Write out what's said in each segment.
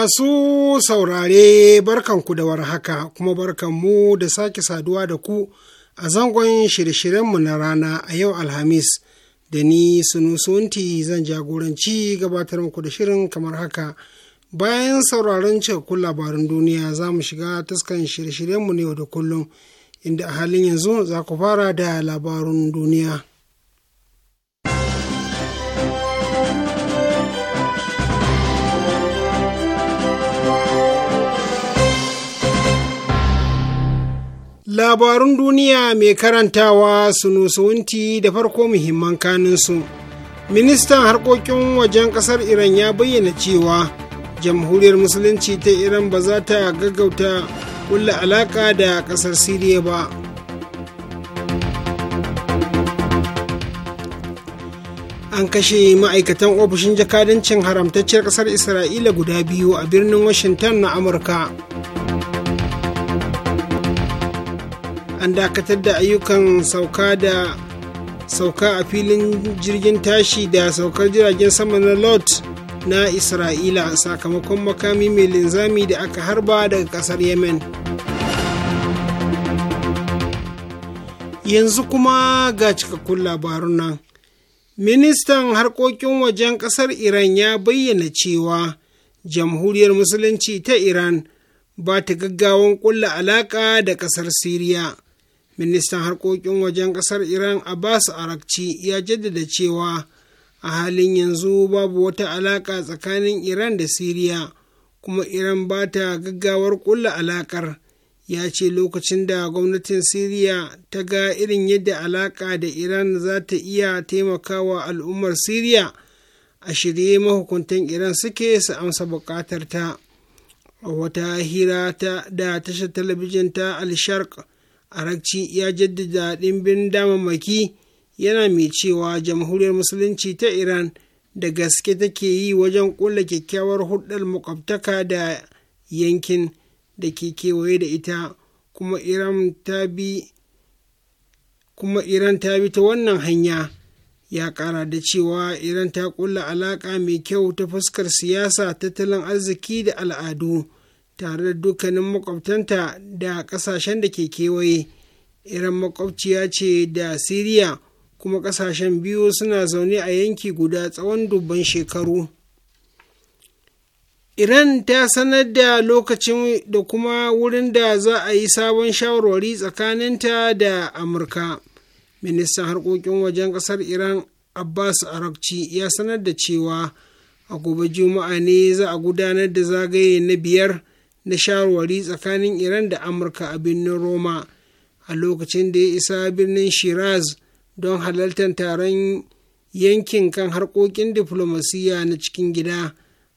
Masu saurare barkanku da warhaka kuma barkanmu da sake saduwa da ku a zangon shirye-shiryenmu na rana a yau Alhamis da ni sunusunti zan jagoranci gabatar muku da shirin kamar haka. Bayan sauraron cikakkun labarin duniya za mu shiga taskan shirye-shiryenmu ne yau da kullum inda a halin yanzu za ku fara da labarun duniya. Labarun duniya mai karantawa su wunti da farko muhimman kaninsu. Ministan harkokin wajen kasar Iran ya bayyana cewa jamhuriyar musulunci ta Iran ba za ta gaggauta kulla alaƙa da ƙasar Siriya ba. An kashe ma'aikatan ofishin jakadancin haramtacciyar ƙasar Isra'ila guda biyu a birnin Washington na Amurka. an dakatar da ayyukan sauka da sauka a filin jirgin tashi da saukar jiragen sama na lot na isra'ila sakamakon makami mai linzami da aka harba daga kasar yemen yanzu kuma ga cikakkun labarun nan ministan harkokin wajen kasar iran ya bayyana cewa jamhuriyar musulunci ta iran ba ta gaggawan kulla alaka da kasar siriya ministan harkokin wajen ƙasar iran abbas arakci ya jaddada cewa a halin yanzu babu wata alaƙa tsakanin iran da siriya kuma iran ba ta gaggawar ƙulla alaƙar ya ce lokacin da gwamnatin siriya ta ga irin yadda alaƙa da iran za ta iya taimakawa al'ummar siriya a shirye mahukuntan iran suke su amsa buƙatar ta a wata hira ta da tashar talabijin ta al-sharq arakci ya jaddada ɗimbin damammaki yana mai cewa jamhuriyar musulunci ta iran da gaske take yi wajen ƙulla kyakkyawar hulɗar makwabtaka da yankin da ke kewaye da ita kuma iran ta bi kuma iran ta bi ta wannan hanya ya ƙara da cewa iran ta ƙulla alaƙa mai kyau ta fuskar siyasa tattalin arziki da al'adu tare da dukkanin makwabtanta da ƙasashen da ke kewaye iran makwabciya ce da siriya kuma ƙasashen biyu suna zaune a yanki guda tsawon dubban shekaru iran ta sanar da lokacin da kuma wurin da za a yi sabon shawarwari tsakaninta da amurka ministan harkokin wajen ƙasar iran abbas arakci ya sanar da cewa a gobe juma'a ne za a gudanar da zagaye na biyar na shawarwari tsakanin iran da amurka a birnin roma a lokacin da ya isa birnin shiraz don halartar taron yankin kan harkokin diflomasiyya na cikin gida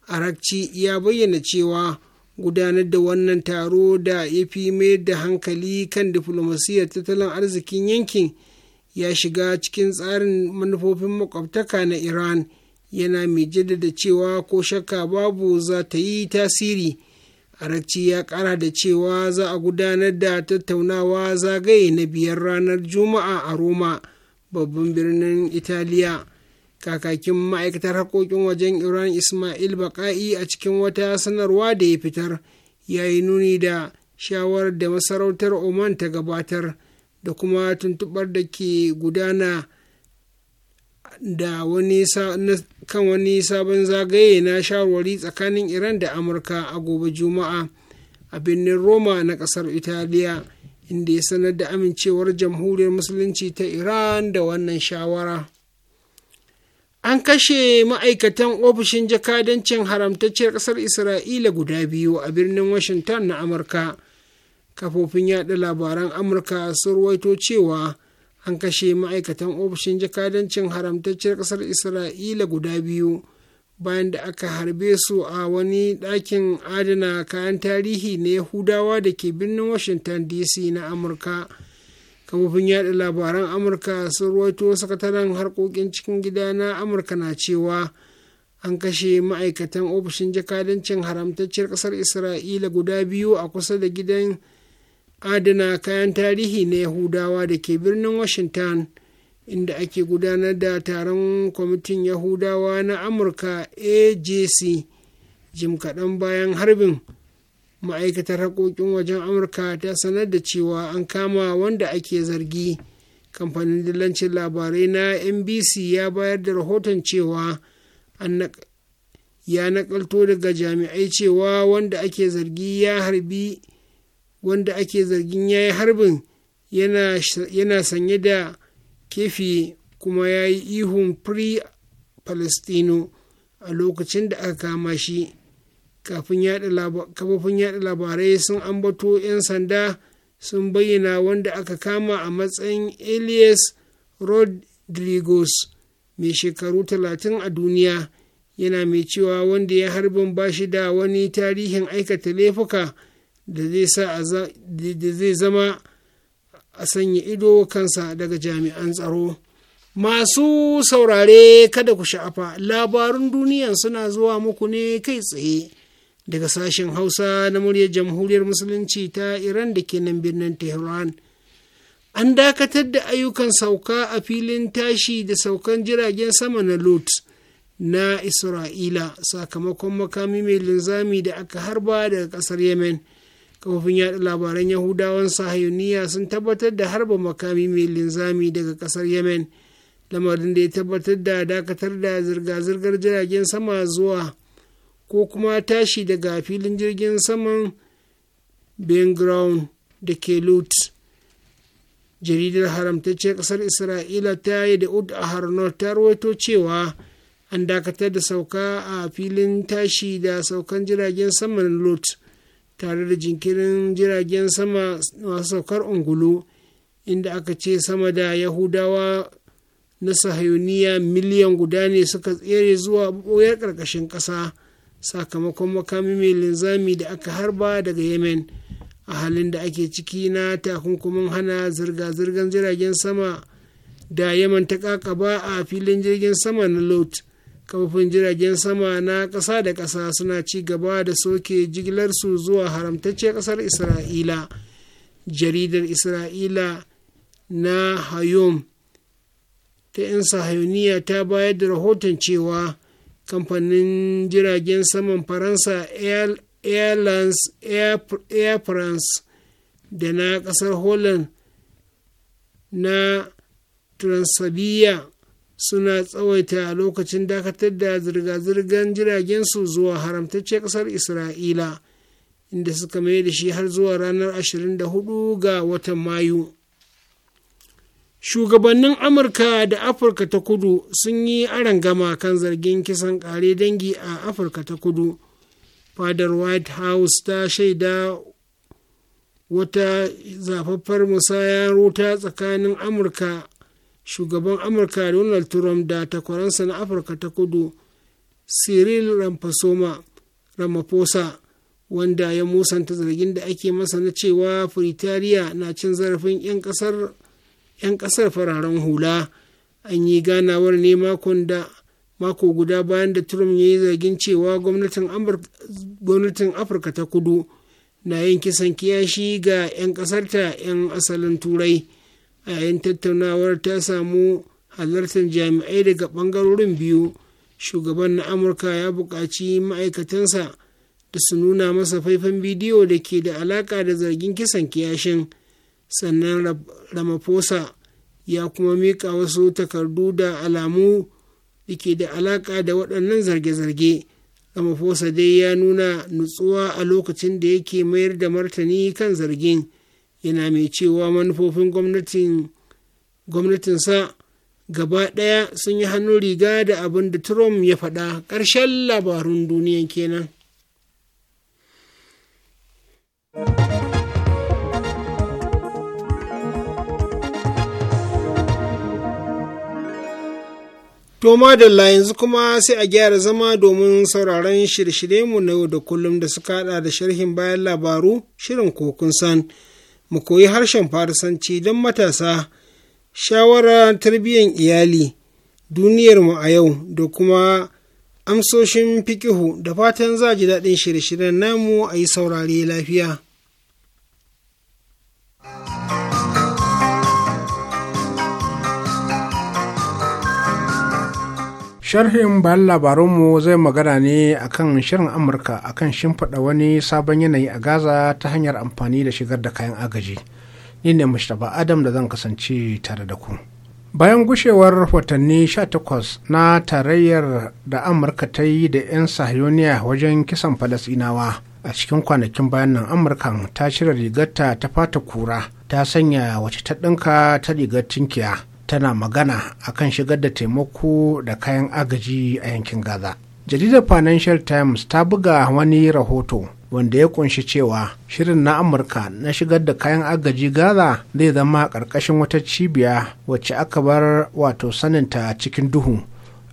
arakci ya bayyana cewa gudanar da wannan taro da ya fi mayar da hankali kan diflomasiyyar tattalin arzikin yankin ya shiga cikin tsarin manufofin makwabtaka na iran yana mai jaddada cewa ko shakka babu za ta yi tasiri Karaci ya ƙara da cewa za a gudanar da tattaunawa zagaye na biyar ranar Juma'a a Roma, babban birnin Italiya. Kakakin ma'aikatar haƙoƙin wajen Iran Ismail Baƙa'i a cikin wata sanarwa da ya fitar ya yi nuni da shawarar da masarautar Oman ta gabatar da kuma tuntuɓar da ke gudana da wani kan wani sabon zagaye na shawarwari tsakanin iran da amurka a gobe juma'a a birnin roma na kasar italiya inda ya sanar da amincewar jamhuriyar musulunci ta iran da wannan shawara an kashe ma'aikatan ofishin jakadancin haramtacciyar kasar isra'ila guda biyu a birnin washington na amurka kafofin yada labaran amurka sun ruwaito cewa an kashe ma'aikatan ofishin jakadancin haramtacciyar ƙasar isra'ila guda biyu bayan da aka harbe su a wani ɗakin adana kayan tarihi na yahudawa da ke birnin washington dc na amurka kafofin yada labaran amurka sun ruwaito sakataren harkokin cikin gida na amurka na cewa an kashe ma'aikatan ofishin jakadancin haramtacciyar ƙasar isra'ila guda biyu a kusa da gidan adana kayan tarihi na yahudawa da ke birnin washington inda ake gudanar da taron kwamitin yahudawa na amurka ajc jim kaɗan bayan harbin ma'aikatar haƙoƙin wajen amurka ta sanar da cewa an kama wanda ake zargi kamfanin dillancin labarai na nbc ya bayar da rahoton cewa ya nakalto daga jami'ai cewa wanda ake zargi ya harbi wanda ake zargin ya yi harbin yana sanye da kefi kuma ya yi ihun free palestino a lokacin da aka kama shi kafofin yada labarai sun ambato 'yan sanda sun bayyana wanda aka kama a matsayin elias rodriguez mai shekaru talatin a duniya yana mai cewa wanda ya harbin ba shi da wani tarihin aikata laifuka da zai zama a sanya ido kansa daga jami'an tsaro masu saurare kada ku sha'afa labarun duniya suna zuwa muku ne kai tsaye daga sashen hausa na muryar jamhuriyar musulunci ta iran da ke nan birnin tehran an dakatar da ayyukan sauka a filin tashi da saukan jiragen sama na lud na isra'ila sakamakon makami mai linzami da aka harba daga kasar yemen kafofin yaɗa labaran yahudawan sahayuniya sun tabbatar da harba makami mai linzami daga ƙasar yemen lamarin da ya tabbatar da dakatar da zirga-zirgar jiragen sama zuwa ko kuma tashi daga filin jirgin saman ben da ke lut jaridar haramtacce kasar isra'ila ta yi da ud a harnot ta rawaito cewa an dakatar da sauka a filin tashi da saukan jiragen saman lot. tare da jinkirin jiragen sama masu saukar ungulu inda aka ce sama da yahudawa na sahayuniya miliyan guda ne suka tsere zuwa boyar ƙarƙashin ƙasa sakamakon makami mai linzami da aka harba daga yemen a halin da ake ciki na takunkumin hana zirga-zirgar jiragen sama da yaman ta kakaba a filin jirgin sama na lot kamfan jiragen sama na ƙasa da ƙasa suna ci gaba da soke jigilarsu zuwa haramtacce ƙasar isra'ila jaridar isra'ila na hayom ta 'yan sahayoniya ta bayar da rahoton cewa kamfanin jiragen saman faransa airlines air france da na ƙasar holland na transabiya suna tsawaita lokacin dakatar da zirga-zirgar jiragensu zuwa haramtacce ƙasar isra'ila inda suka mai da shi har zuwa ranar 24 ga watan mayu shugabannin amurka da afirka ta kudu sun yi gama kan zargin kisan kare dangi a afirka ta kudu fadar white house ta shaida wata zafaffar musayar wuta tsakanin amurka shugaban amurka donald trump da takwaransa na afirka ta kudu cyril ramaphosa ramaphosa wanda ya musanta zargin da ake masa na cewa furitariya na cin zarafin 'yan kasar fararen hula an yi ganawar ne makon da mako guda bayan da Trump ya yi zargin cewa gwamnatin Afirka ta kudu na yin kisan kiyashi ga 'yan kasarta 'yan asalin turai. a yayin tattaunawar ta samu halartar jami'ai daga ɓangarorin biyu shugaban na amurka ya buƙaci ma'aikatansa da su nuna masa faifan bidiyo da ke da alaƙa da zargin kisan kiyashin sannan ramaphosa ya kuma miƙa wasu takardu da alamu da ke da alaƙa da waɗannan zarge-zarge ramaphosa dai ya nuna nutsuwa a lokacin da yake mayar da martani kan zargin. yana mai cewa manufofin gwamnatin gwamnatinsa gaba ɗaya sun yi hannun riga da abin da trump ya faɗa ƙarshen labarun duniya kenan To madalla yanzu kuma sai a gyara zama domin sauraron shirye-shiryenmu na yau da kullum da suka hada da sharhin bayan labaru shirin kokun san. mu koyi harshen farisanci don matasa shawara tarbiyyar iyali duniyarmu a yau da kuma amsoshin fikihu da fatan za ji daɗin shirye-shiryen namu a yi saurare lafiya. sharhin bayan labarunmu zai magana ne akan shirin amurka akan shimfiɗa wani sabon yanayi a gaza ta hanyar amfani da shigar da kayan agaji ni ne mustapha adam da zan kasance tare da ku bayan gushewar watanni 18 na tarayyar da amurka ta yi da 'yan sahiyoniya wajen kisan falasinawa a cikin kwanakin bayan nan amurka ta cire rigarta ta fata kura ta sanya wace ta ɗinka ta rigar tinkiya tana magana a kan shigar da taimako da kayan agaji a yankin gaza jaridar financial times ta buga wani rahoto wanda ya kunshi cewa shirin na amurka na shigar da kayan agaji gaza zai zama ƙarƙashin wata cibiya wacce aka bar wato saninta cikin duhu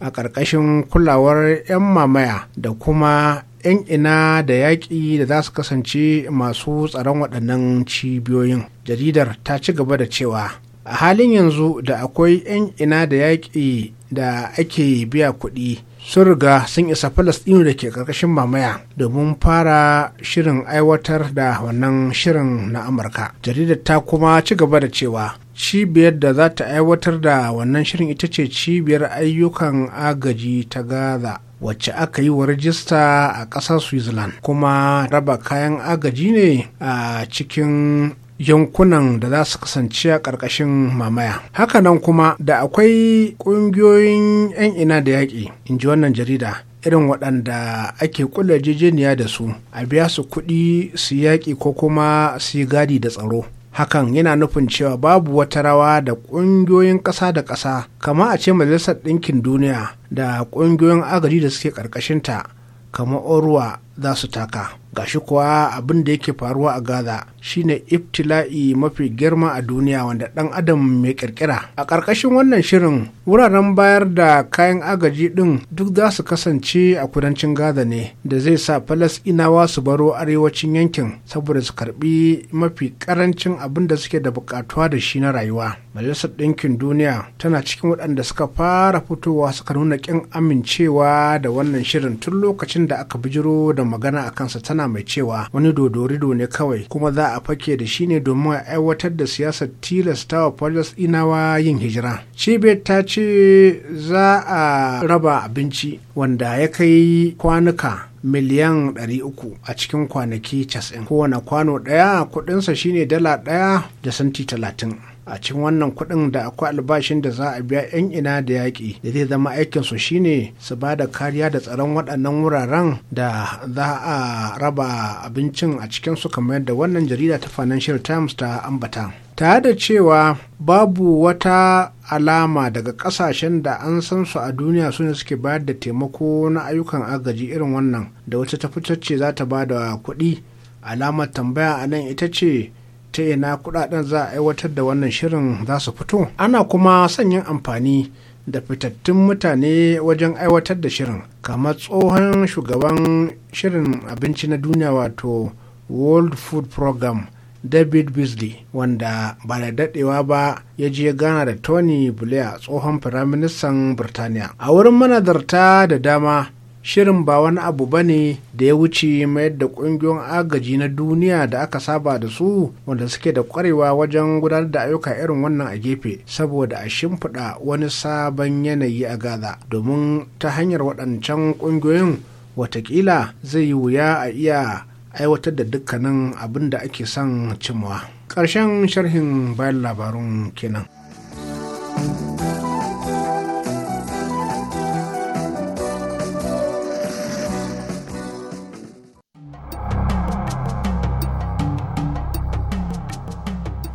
a ƙarƙashin kulawar 'yan mamaya da kuma 'yan ina da yaƙi da za su kasance masu tsaron waɗannan cibiyoyin jaridar ta ci gaba da cewa a halin yanzu da akwai 'yan ina da yaƙi da ake biya kuɗi sun riga sun isa falastinu da ke ƙarƙashin mamaya domin fara shirin aiwatar da wannan shirin na amurka jaridar ta kuma ci gaba da cewa cibiyar da za ta aiwatar da wannan shirin ita ce cibiyar ayyukan agaji ta gaza wacce aka yi wa rajista a ƙasar switzerland kuma raba kayan agaji ne a cikin yankunan da za su kasance a ƙarƙashin mamaya. Hakanan kuma da akwai ƙungiyoyin 'yan ina da yaƙi, in ji wannan jarida. irin waɗanda ake kula jejeniya da su a biya su kuɗi su yaƙi ko kuma su yi gadi da tsaro hakan yana nufin cewa babu wata rawa da ƙungiyoyin ƙasa da ƙasa kama a ce majalisar ɗinkin duniya da ƙungiyoyin agaji da suke ƙarƙashinta kama orwa za su taka shi kuwa abin da yake faruwa a gaza shine iftila'i mafi girma a duniya wanda ɗan adam mai kirkira a ƙarƙashin wannan shirin wuraren bayar da kayan agaji ɗin duk za su kasance a kudancin gaza ne da zai sa falasɗinawa su baro arewacin yankin saboda su karbi mafi ƙarancin abin da suke da buƙatuwa da shi na rayuwa majalisar ɗinkin duniya tana cikin waɗanda suka fara fitowa suka nuna ƙin amincewa da wannan shirin tun lokacin da aka bijiro da magana a kansa tana mai cewa wani dodorido ne kawai kuma za a fake da shi ne domin a aiwatar da siyasar tilasta wa inawa yin hijira. Cibiyar ta ce za a raba abinci wanda ya kai kwanuka miliyan 300 a cikin kwanaki 90 kowane kwano ɗaya kudinsa shine dala ɗaya da santi talatin. a cikin wannan kuɗin da akwai albashin da za a biya 'yan ina da yaƙi da zai zama aikin su shine su ba da kariya da tsaron waɗannan wuraren da za a raba abincin a cikin su kamar yadda wannan jarida ta Financial Times ta ambata. Tare da cewa babu wata alama daga kasashen da an san su a duniya su ne suke bayar da taimako na ayyukan agaji irin wannan da wata tafitacce za ta ba da kuɗi alamar tambaya a nan ita ce ta yana kudaden za a aiwatar da wannan shirin za su fito ana kuma sanyin amfani da fitattun mutane wajen aiwatar da shirin kamar tsohon shugaban shirin abinci na duniya wato world food program david beasley wanda ba da dadewa ba ya je gana da tony blair tsohon firaministan birtaniya a wurin manazarta da dama shirin ba wani abu ba ne da ya wuce mayar da ƙungiyoyin agaji na duniya da aka saba da su wanda suke da ƙwarewa wajen gudanar da ayyuka irin wannan a gefe saboda a shimfiɗa wani sabon yanayi a gaza domin ta hanyar waɗancan ƙungiyoyin watakila zai yi wuya a iya aiwatar da dukkanin abin da ake son cimwa ƙarshen sharhin bayan labarun kenan.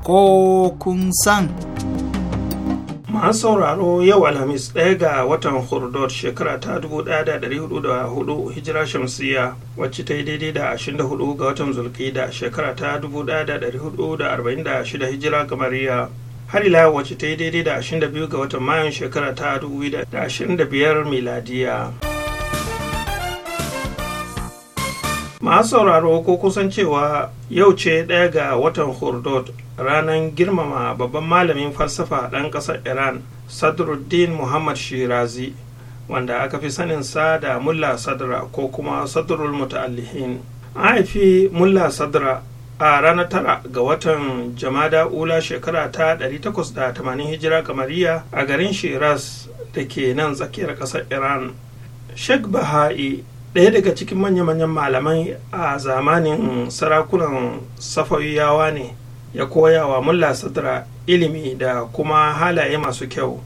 ko kun san. Masu sauraro yau Alhamis ɗaya ga watan Hurdor shekara ta 1404 hijira shamsiya wacce ta yi daidai da 24 ga watan zulki da shekara ta 1446 hijira kamariya. har ila wacce ta yi daidai da 22 ga watan mayan shekara ta 2025 miladiya. masu sauraro ko kusan cewa yau ce ɗaya ga watan hurdot ranar girmama babban malamin falsafa ɗan ƙasar iran sadruddin muhammad shirazi wanda aka fi saninsa da mulla sadra ko kuma sadrul muta'allihin an haifi mulla sadra a ranar tara ga watan jamada ula shekara ta 880 hijira kamariya a garin shiraz da ke nan tsakiyar ƙasar iran sheikh baha'i ɗaya daga cikin manya-manyan malamai a zamanin sarakunan safawiyawa ne ya koya wa mulla sadara ilimi da kuma halaye masu kyau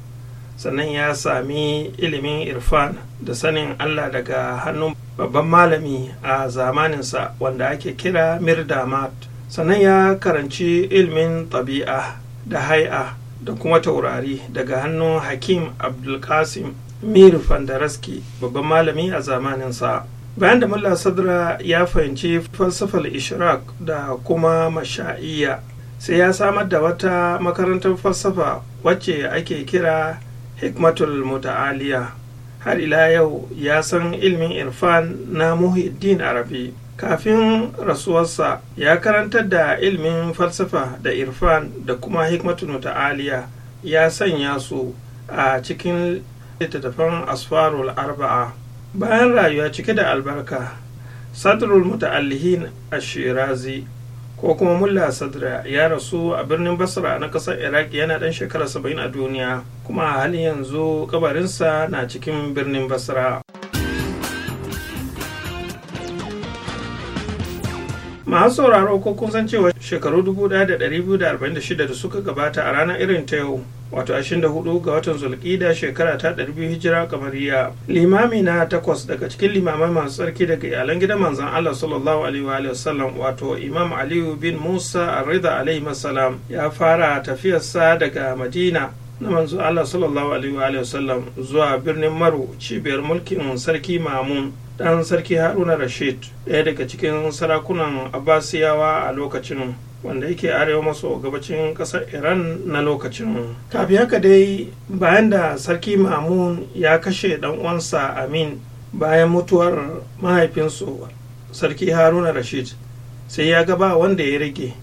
sannan ya sami ilimin irfan da sanin allah daga hannun babban malami a zamaninsa wanda ake kira mirdamat sannan ya karanci ilimin tabi'a da hai'a da kuma taurari daga hannun hakim abdulkasim mir fandaraski babban malami a zamaninsa bayan da mullah sadra ya fahimci falsafar ishraq da kuma masha'iya sai ya samar da wata makarantar falsafa wacce ake kira hikmatul muta'aliya har ila yau ya san ilmin irfan na muhiddin arabi kafin rasuwarsa ya karantar da ilmin falsafa da irfan da kuma hikmatul muta'aliya ya sanya su a cikin littattafan asfarul arba'a bayan rayuwa cike da albarka sadrul muta'allihin ashirazi ko kuma mulla sadra ya rasu a birnin basra na ƙasar iraq yana ɗan shekara 70 a duniya kuma a halin yanzu kabarinsa na cikin birnin basra masu sauraro ko kun san cewa shekaru 1246 da suka gabata a ranar irin ta yau wato 24 ga watan zulkida shekara ta 200 hijira kamariya limami na takwas daga cikin limamai masu tsarki daga iyalan gidan manzan Allah sallallahu alaihi wa sallam wato imam aliyu bin musa arrida alaihi salam ya fara tafiyarsa daga madina na manzo Allah sallallahu alaihi wa sallam zuwa birnin Maru cibiyar mulkin sarki Mamun dan sarki Haruna Rashid ɗaya daga cikin sarakunan Abbasiyawa a lokacin wanda yake arewa maso gabacin kasar iran na lokacin kafin haka dai bayan da sarki mamun ya kashe dan uwansa amin bayan mutuwar mahaifinsu sarki haruna rashid sai ya gaba wanda ya rage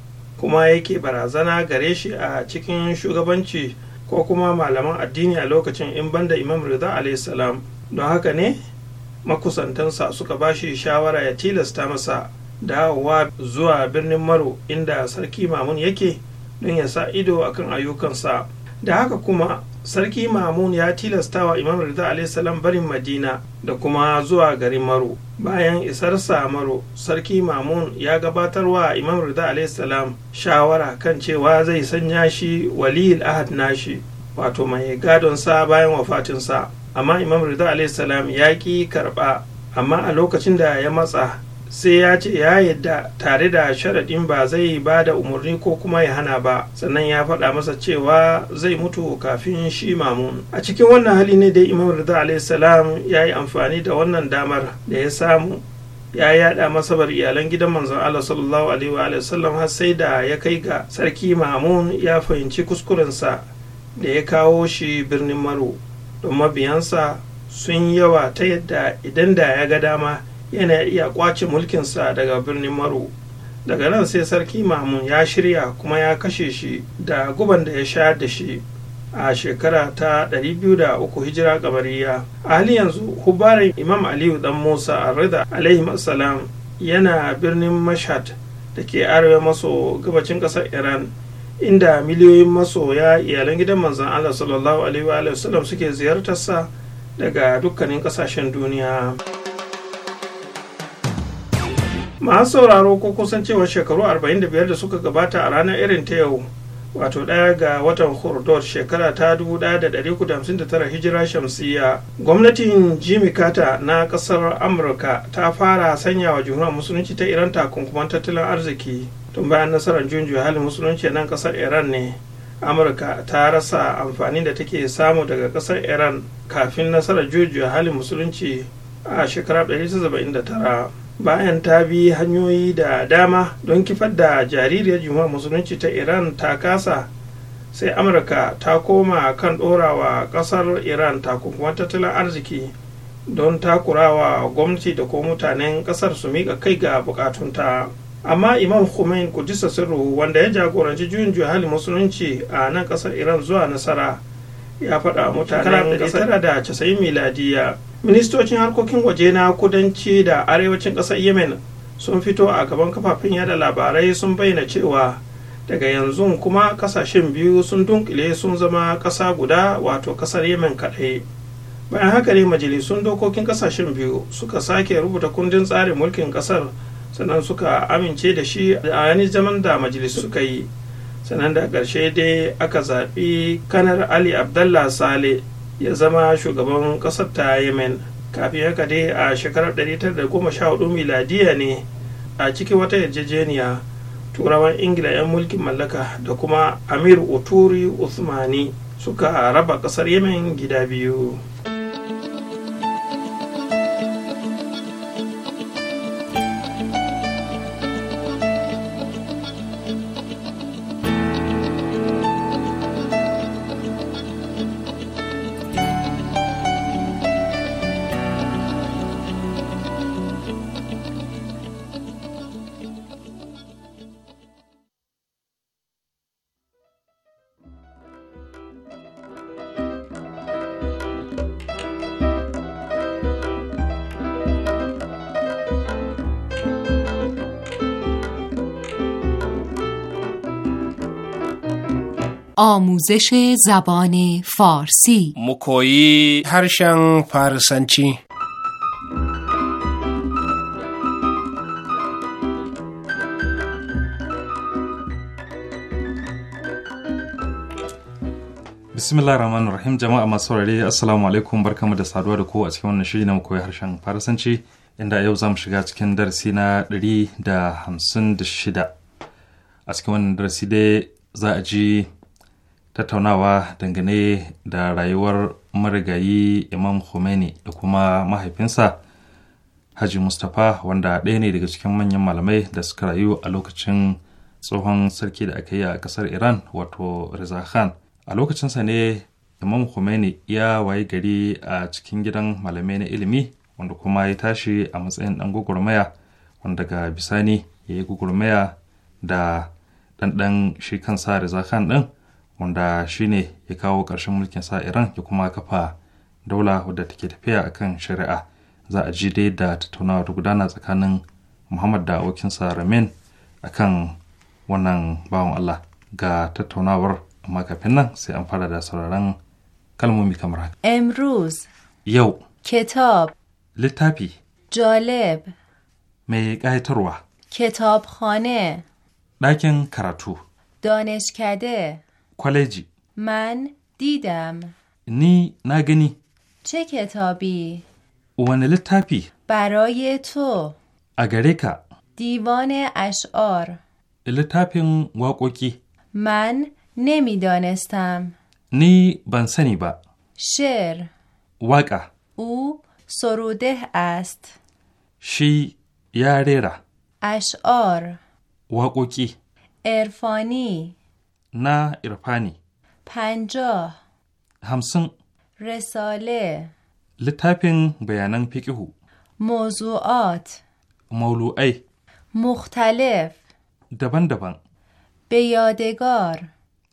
kuma yake barazana gare shi a cikin shugabanci ko kuma malaman addini a lokacin in banda imam rida alayhi salam don haka ne makusantansa suka ba shi shawara ya tilasta masa dawowa zuwa birnin maro inda sarki mamun yake don ya sa ido akan ayyukansa da haka kuma sarki mamun ya tilasta wa imam rida alaihissalam barin madina da kuma zuwa garin maro bayan isarsa maro sarki mamun ya gabatar wa imam rida alaihissalam shawara kan cewa zai sanya shi waliyil ahad nashi wato mai gadonsa bayan wafatinsa amma imam rida alaihissalam ya ƙi karɓa amma a lokacin da ya matsa sai ya ce ya yadda tare da sharaɗin ba zai ba da umarni ko kuma ya hana ba sannan ya faɗa masa cewa zai mutu kafin shi mamun a cikin wannan hali ne dai imam rida salam ya yi amfani da wannan damar da ya samu ya yada masabar iyalan gidan manzon Allah sallallahu alaihi wa sallam har sai da ya kai ga sarki mamun ya fahimci kuskurensa da ya kawo shi birnin maro don mabiyansa sun yawa ta yadda idan da ya ga dama yana iya kwace mulkinsa daga birnin maro daga nan sai sarki mahmud ya shirya kuma ya kashe shi da guban da ya sha da shi a shekara ta 203 hijira kamariya a halin yanzu hubarin imam aliyu dan musa arrida alaihi salam yana birnin mashhad da ke arewa maso gabacin kasar iran inda miliyoyin masoya iyalan gidan manzan allah sallallahu alaihi wa sallam suke ziyartarsa daga dukkanin kasashen duniya. masu sauraro ko kusan cewa shekaru 45 da suka gabata a ranar irin ta yau wato ɗaya ga watan hurdor shekara ta 1959 hijira shamsiya gwamnatin jimmy carter na ƙasar amurka ta fara sanya wa jumhuriyar musulunci ta iran takunkuman tattalin arziki tun bayan nasarar junju halin musulunci nan ƙasar iran ne amurka ta rasa amfani da take samu daga ƙasar iran kafin nasarar junju halin musulunci a shekarar 1979 bayan ta bi hanyoyi da dama don kifar da jaririyar jumhuriyar musulunci ta iran ta kasa sai amurka ta koma kan ɗorawa ƙasar iran takunkuman tattalin arziki don takurawa gwamnati da ko mutanen ƙasar su mika kai ga bukatunta amma imam khomein kudisa sirru wanda ya jagoranci juyin juya hali musulunci a nan ƙasar iran zuwa nasara ya faɗa mutanen ƙasar da casa'in miladiya ministocin harkokin waje na kudanci da arewacin ƙasar yemen sun fito a gaban kafafen yada labarai sun bayyana cewa daga yanzu kuma kasashen biyu sun dunkile sun zama ƙasa guda wato ƙasar yemen kaɗai bayan haka ne majalisun dokokin kasashen biyu suka sake rubuta kundin tsarin mulkin ƙasar sannan suka amince da shi a yani zaman da majalis suka yi sannan da ƙarshe dai aka zaɓi kanar ali abdallah sale ya zama shugaban kasar ta yemen kafin haka dai a shekarar 1914 miladiya ne a ciki wata yarjejeniya turawan ingila 'yan mulkin mallaka da kuma amir uturi usmani suka raba kasar yemen gida biyu. آموزش زبان فارسی koyi هرشن فارسنچی bismillah rahman rahim jama'a masu saurare assalamu alaikum barkamu da saduwa da ku a cikin wannan shiri na koyi harshen farasanci inda yau za mu shiga cikin darasi na 156 a cikin wannan darasi dai za a ji tattaunawa dangane da rayuwar marigayi imam khomeini da kuma mahaifinsa haji mustapha wanda ɗaya ne daga cikin manyan malamai da suka rayu a lokacin tsohon sarki da aka yi a ƙasar iran wato reza khan a lokacinsa ne imam khomeini ya waye gari a cikin gidan malamai na ilimi wanda kuma ya tashi a matsayin ɗan gwagwarmaya wanda daga bisani ya yi gwagwarmaya da ɗanɗan shi kansa reza khan ɗin wanda ne ya kawo ƙarshen mulkin sa iran ya kuma kafa daula wadda take tafiya a kan shari'a za a ji dai da tattaunawa ta gudana tsakanin muhammad da abokinsa ramin kan wannan bawan allah ga tattaunawar amma kafin nan sai an fara da sauraron kalmomi kamar haka Emrose. yau کتاب littafi جالب mai ƙayatarwa کتابخانه ɗakin karatu دانشکده کالجی من دیدم نی نگنی چه کتابی؟ وانل تپی برای تو اگرکا دیوان اشعار لتپین واقوکی من نمیدانستم نی بنسنی با شعر واقع او سروده است شی یاریرا اشعار واقوکی عرفانی نه ایرپانی پنجاه همسن رساله لطفین بیانن پیکهو موضوعات مولوعی مختلف دبن دبن به یادگار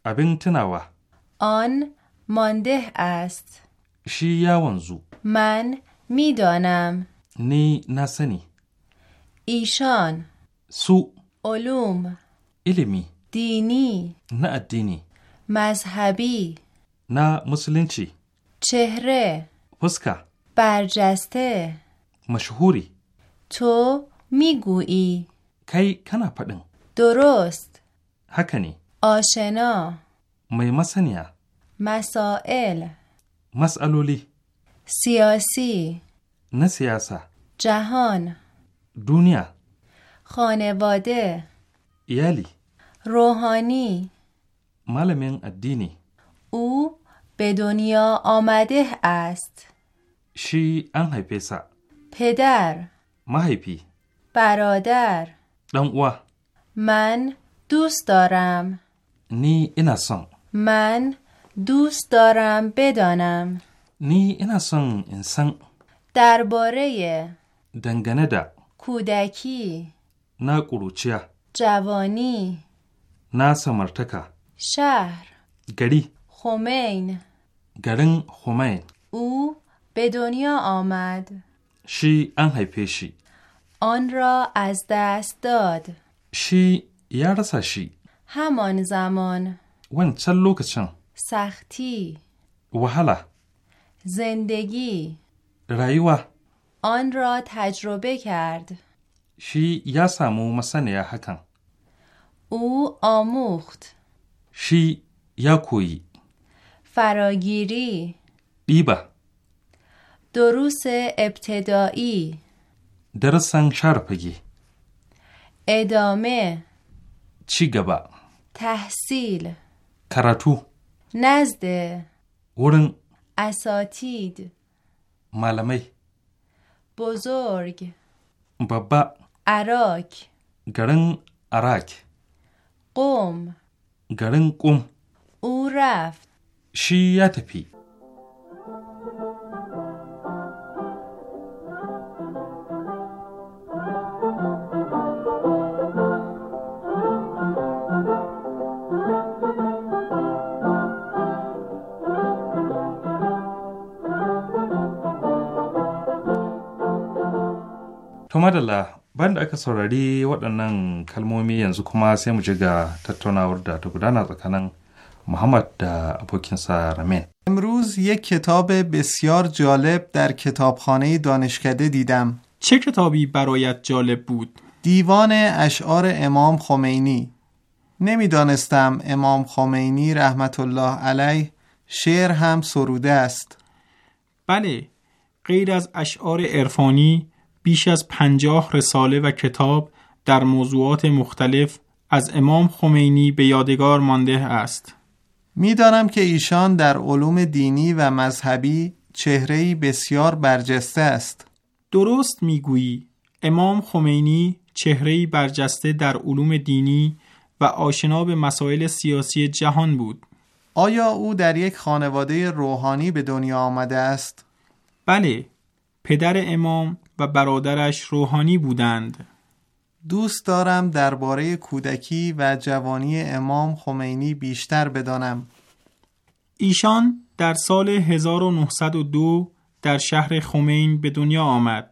ابن تناوه آن مانده است شی یاونزو من میدانم نی نسنی ایشان سو علوم علمی دینی نه دینی مذهبی نه مسلمچی چهره فسکا برجسته مشهوری تو میگویی کی کنا پدن درست هکنی آشنا می مسنیا مسائل مسئلولی سیاسی نه سیاسا جهان دنیا خانواده یالی روحانی من ادینی او به دنیا آمده است شی ان پیسا پدر مهیپی برادر دان من دوست دارم نی اینا من دوست دارم بدانم نی اینا انسان درباره دنگنه دا کودکی نا جوانی na samartaka شهر گری خمین گرن خمین او به دنیا آمد شی ان پیشی آن را از دست داد شی یا رسا شی همان زمان ونچن لوکچن سختی وهلا زندگی رایوا آن را تجربه کرد شی یا سامو مسنیا هکن او آموخت شی یا کویی فراگیری بیبا دروس ابتدایی درسن شرپگی ادامه چی گبا تحصیل کراتو نزد ورن اساتید بزرگ بابا عراک گرن عراک Ƙum Garin ƙum Uraf Shi ya tafi. Tumadala bayan da aka saurari waɗannan kalmomi yanzu kuma sai mu ji ga tattaunawar da ta محمد ابوکین سرمن امروز یک کتاب بسیار جالب در کتابخانه دانشکده دیدم چه کتابی برایت جالب بود؟ دیوان اشعار امام خمینی نمیدانستم امام خمینی رحمت الله علیه شعر هم سروده است بله غیر از اشعار عرفانی بیش از پنجاه رساله و کتاب در موضوعات مختلف از امام خمینی به یادگار مانده است. میدانم که ایشان در علوم دینی و مذهبی چهرهی بسیار برجسته است. درست میگویی امام خمینی چهرهی برجسته در علوم دینی و آشنا به مسائل سیاسی جهان بود. آیا او در یک خانواده روحانی به دنیا آمده است؟ بله، پدر امام و برادرش روحانی بودند. دوست دارم درباره کودکی و جوانی امام خمینی بیشتر بدانم. ایشان در سال 1902 در شهر خمین به دنیا آمد.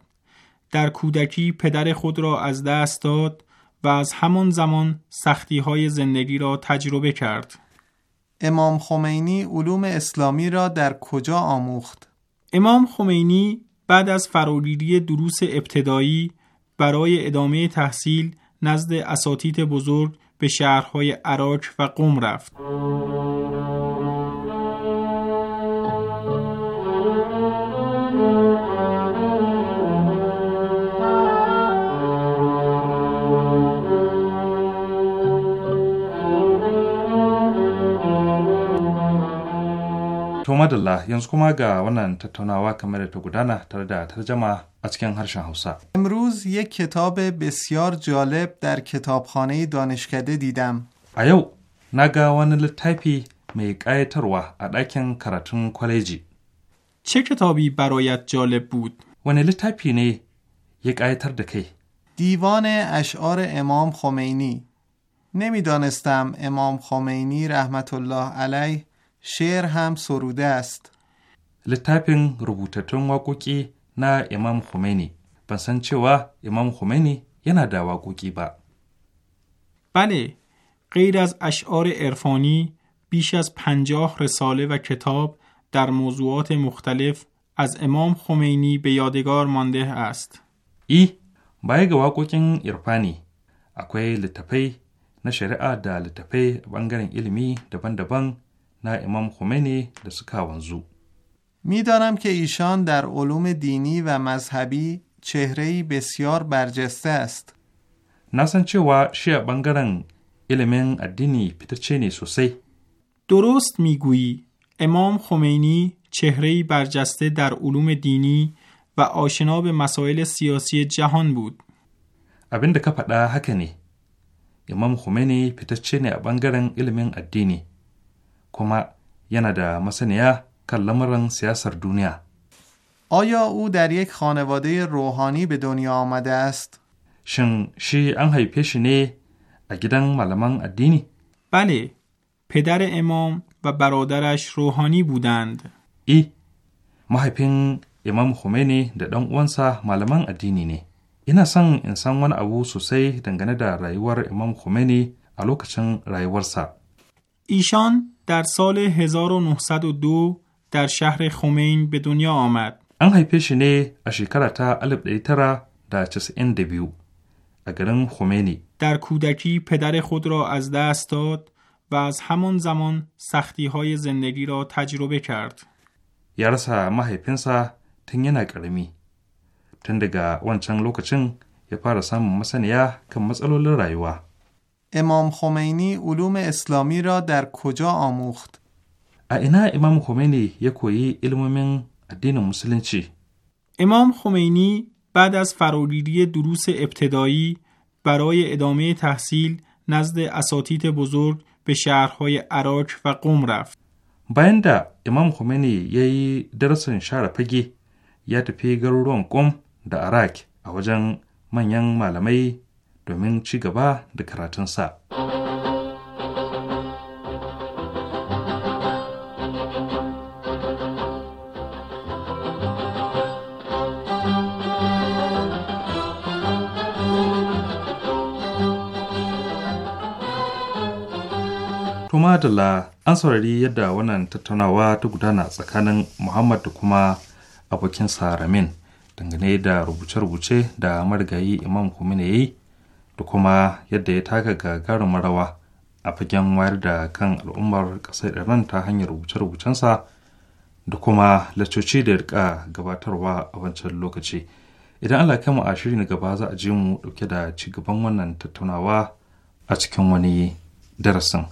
در کودکی پدر خود را از دست داد و از همان زمان سختی های زندگی را تجربه کرد. امام خمینی علوم اسلامی را در کجا آموخت؟ امام خمینی بعد از فراگیری دروس ابتدایی برای ادامه تحصیل نزد اساتید بزرگ به شهرهای عراق و قم رفت. To madalla yanzu kuma ga wannan tattaunawa kamar da ta gudana tare da tarjama a cikin harshen Hausa. امروز yake kitab بسیار jalib dar کتابخانه danishkade didam. A yau na ga wani littafi mai ƙayatarwa a ɗakin karatun kwaleji. Ce kitabi barayat jalib bud. wani littafi ne ya ƙayatar da kai? دیوان اشعار امام خمینی نمیدانستم امام خمینی رحمت الله علیه شعر هم سروده است لطفین روبوتتون واقوکی نه امام خمینی بسن چوا امام خمینی ینا دا واقوکی با بله غیر از اشعار ارفانی بیش از پنجاه رساله و کتاب در موضوعات مختلف از امام خمینی به یادگار مانده است ای بایگ واقوکین ارفانی اکوی لطفی نشریعه دا لطفی بنگرین علمی دبن دبن نه امام خمینی سکاونزو میدانم که ایشان در علوم دینی و مذهبی چهره بسیار برجسته است. ناسن چه و شیع بنگرن علمین ادینی پیترچینی سوسی. درست میگویی امام خمینی چهره برجسته در علوم دینی و آشنا به مسائل سیاسی جهان بود. ابین دکا ka faɗa امام خمینی پیترچینی Khomeini fitacce ادینی. kuma yana da masaniya kan lamarin siyasar duniya. آیا او در یک خانواده روحانی به دنیا آمده است؟ شن شی ان هایپیش نی اگیدن ملمان ادینی؟ بله، پدر امام و برادرش روحانی بودند. ای، ما هایپین امام خمینی در دان اوانسا ملمان ادینی نی. این سن انسان وان ابو سوسی دنگنه در رایوار امام خمینی الوکشن رایوار سا. ایشان در سال 1902 در شهر خمین به دنیا آمد. آن های پیش نه تا علب در چس این اگرن خمینی. در کودکی پدر خود را از دست داد و از همان زمان سختی های زندگی را تجربه کرد. یارسا ماه پنسا تنگی نگرمی. تندگا وانچنگ لوکچنگ یا سامن مسانیا کم مسئلو لرائیوه. امام خمینی علوم اسلامی را در کجا آموخت؟ اینا امام خمینی یکوی علم من دین مسلم چی؟ امام خمینی بعد از فراگیری دروس ابتدایی برای ادامه تحصیل نزد اساتید بزرگ به شهرهای عراق و قوم رفت. bayan امام خمینی یه درس شهر پگی یاد یا تفی قوم در عراق da Arak a domin ci gaba da karatunsa. Tuma Dala an saurari yadda wannan tattaunawa ta gudana tsakanin Muhammad da kuma abokinsa Ramin dangane da rubuce-rubuce da marigayi Imam Khomeini ya yi da kuma yadda ya taka gagarumin rawa a fagen wayar da kan al'ummar ƙasar iran ta hanyar rubuce-rubucensa da kuma lacoci da rika gabatarwa a wancan lokaci idan allah kai mu a shiri na gaba za a je mu dauke da ci gaban wannan tattaunawa a cikin wani darasin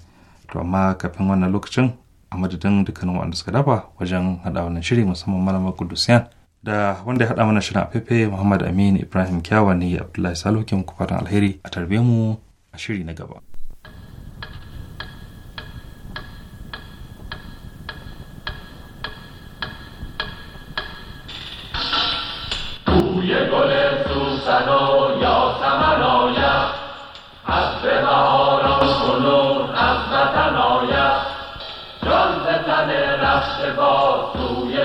to amma kafin wannan lokacin a madadin dukkanin waɗanda suka dafa wajen haɗa wannan shiri musamman malamar gudusiyan da wanda ya haɗa mana shirin afefe muhammad amin ibrahim kyawa ne abdullahi salo ke muku fatan alheri a tarbe mu a shiri na gaba از وطن آید جان به تن رفته با سوی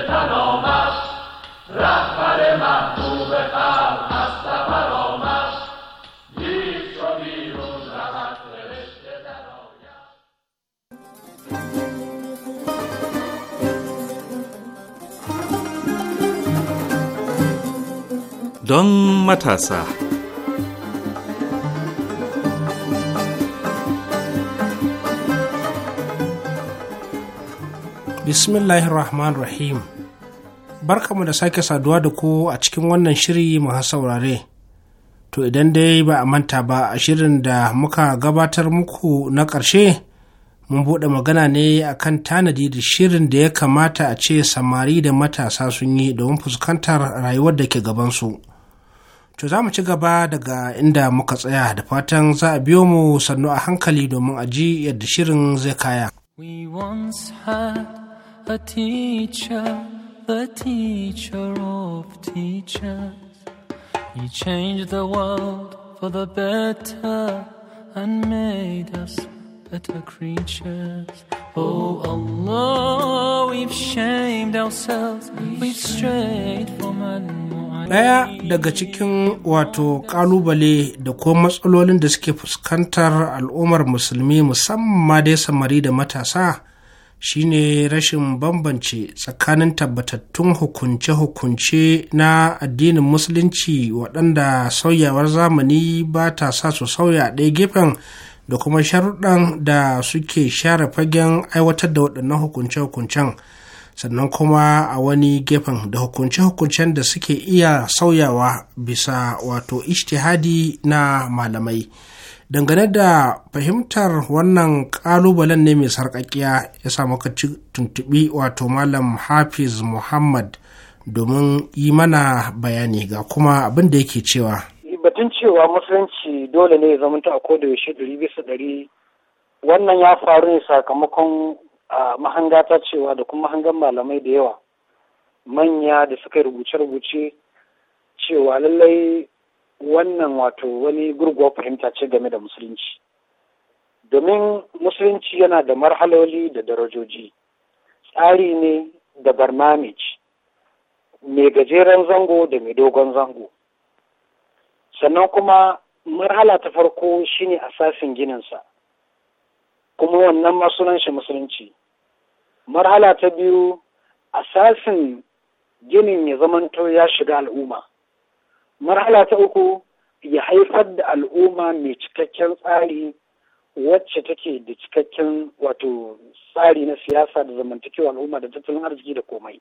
don matasa. Bismillahir Rahim. Barkamu da sake saduwa da ku a cikin wannan shiri masu saurare. To idan dai ba a manta ba a shirin da muka gabatar muku na ƙarshe, mun buɗe magana ne a kan tanadi da shirin da ya kamata a ce samari da matasa sun yi domin fuskantar rayuwar da ke gabansu. To za mu ci gaba daga inda muka tsaya da fatan za a biyo mu sannu a hankali domin a ji yadda shirin zai kaya. We once had a teacher, the teacher of teachers. He changed the world for the better and made us better creatures. Oh Allah, we've shamed ourselves, we've strayed from Allah. Ɗaya daga cikin wato ƙalubale da ko matsalolin da suke fuskantar al'ummar musulmi musamman dai samari da matasa shine rashin bambance tsakanin tabbatattun hukunce-hukunce na addinin musulunci waɗanda sauyawar zamani ba ta sa su sauya ɗaya gefen da kuma sharuɗan da suke share fagen aiwatar da waɗannan hukunce-hukuncen. sannan kuma a wani gefen da hukunce-hukuncen da suke iya sauyawa bisa wato ishtihadi na malamai dangane da fahimtar wannan kalubalen ne mai sarkakiya ya sa muka tuntubi wato malam hafiz muhammad domin yi mana bayani ga kuma abin da yake cewa batun cewa musulunci dole ne ya zamanta a da yaushe ɗari wannan ya faru ne sakamakon a mahanga ta cewa da kuma hangar malamai da yawa manya da suka rubuce-rubuce cewa lallai wannan wato wani gurguwa fahimta ce game da musulunci domin musulunci yana da marhaloli da darajoji tsari ne da barnamij mai gajeren zango da mai dogon zango sannan kuma marhala ta farko shine asasin gininsa kuma wannan ma shi musulunci marhala ta biyu asasin ginin ya zamanto ya shiga al'umma marhala ta uku ya haifar da al'umma mai cikakken tsari wacce take da cikakken wato tsari na siyasa da zamantakewa al'umma da tattalin arziki da komai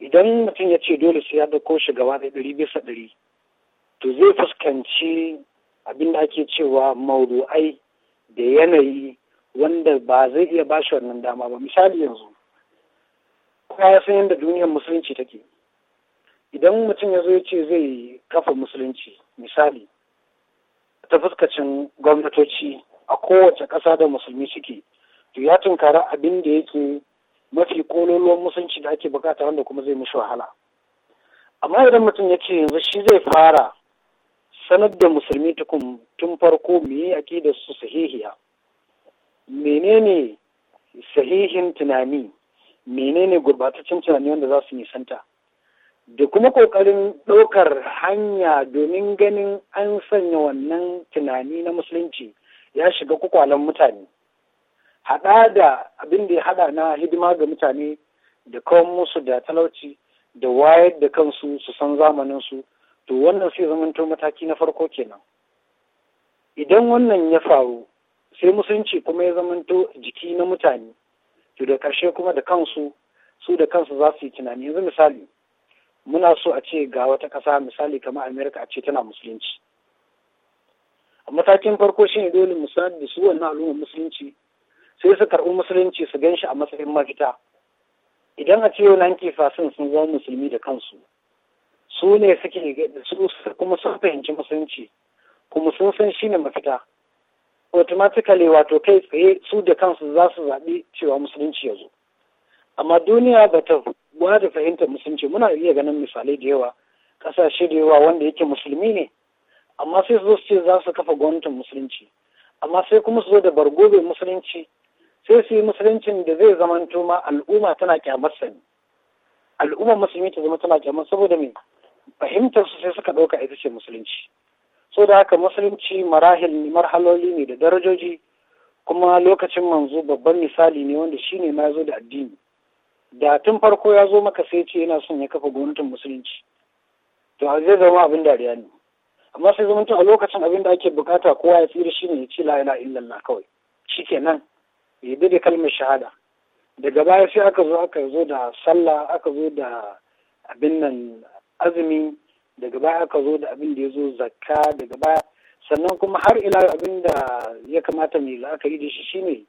idan mutum ya ce dole sai ya dauko shugaba da ɗari bisa ɗari to zai fuskanci abin da ake cewa maudu'ai da yanayi wanda ba zai iya ba shi wannan dama ba misali yanzu Kuma ya san yadda duniyar musulunci take idan mutum ya zo ya ce zai kafa musulunci misali ta fuskacin gwamnatoci a kowace ƙasa da musulmi suke to ya tunkara abin da yake mafi kololuwan musulunci da ake bukata wanda kuma zai mishi wahala amma idan mutum ya ce yanzu shi zai fara sanar da musulmi tukun tun farko mu yi da su sahihiya menene sahihin tunani menene gurbataccen tunani wanda za su nisanta da kuma ƙoƙarin ɗaukar hanya domin ganin an sanya wannan tunani na musulunci ya shiga kwakwalen mutane haɗa da abin da ya haɗa na hidima ga mutane da kawan musu da talauci da wayar da kansu su san zamaninsu to wannan sai zamanto mataki na farko kenan idan wannan ya faru sai musulunci kuma ya zamanto jiki na mutane to da karshe kuma da kansu su da kansu za su yi tunani yanzu misali muna so a ce ga wata ƙasa misali kamar amerika a ce tana musulunci a matakin farko shine dole mu da su wannan al'ummar musulunci sai su karɓi musulunci su gan shi a matsayin mafita idan a ce yanki fasin sun zama musulmi da kansu su ne suke kuma sun fahimci musulunci kuma sun san shine mafita automatically wato kai tsaye su da kansu za su zaɓi cewa musulunci ya zo amma duniya ba ta da fahimtar musulunci muna iya ganin misalai da yawa ƙasashe da yawa wanda yake musulmi ne amma sai su zo su ce za su kafa gwamnatin musulunci amma sai kuma su zo da bargobe musulunci sai su yi musuluncin da zai zamanto ma al'umma tana kyamar sani al'umma musulmi ta zama tana kyamar saboda me fahimtar su sai suka ɗauka ita ce musulunci so da haka musulunci marahil ne marhaloli ne da darajoji kuma lokacin manzo babban misali ne wanda shine ma ya zo da addini da tun farko ya zo maka sai ce yana son ya kafa gwamnatin musulunci to a zai zama abin dariya ne amma sai zama a lokacin abin da ake bukata kowa ya tsira shine ya ce la ilaha illallah kawai Shi shikenan ya dade kalmar shahada daga baya sai aka zo aka zo da sallah aka zo da abin nan azumi daga baya aka zo da abin da ya zo zakka daga baya sannan kuma har ila abin da ya kamata mai la'akari da shi shine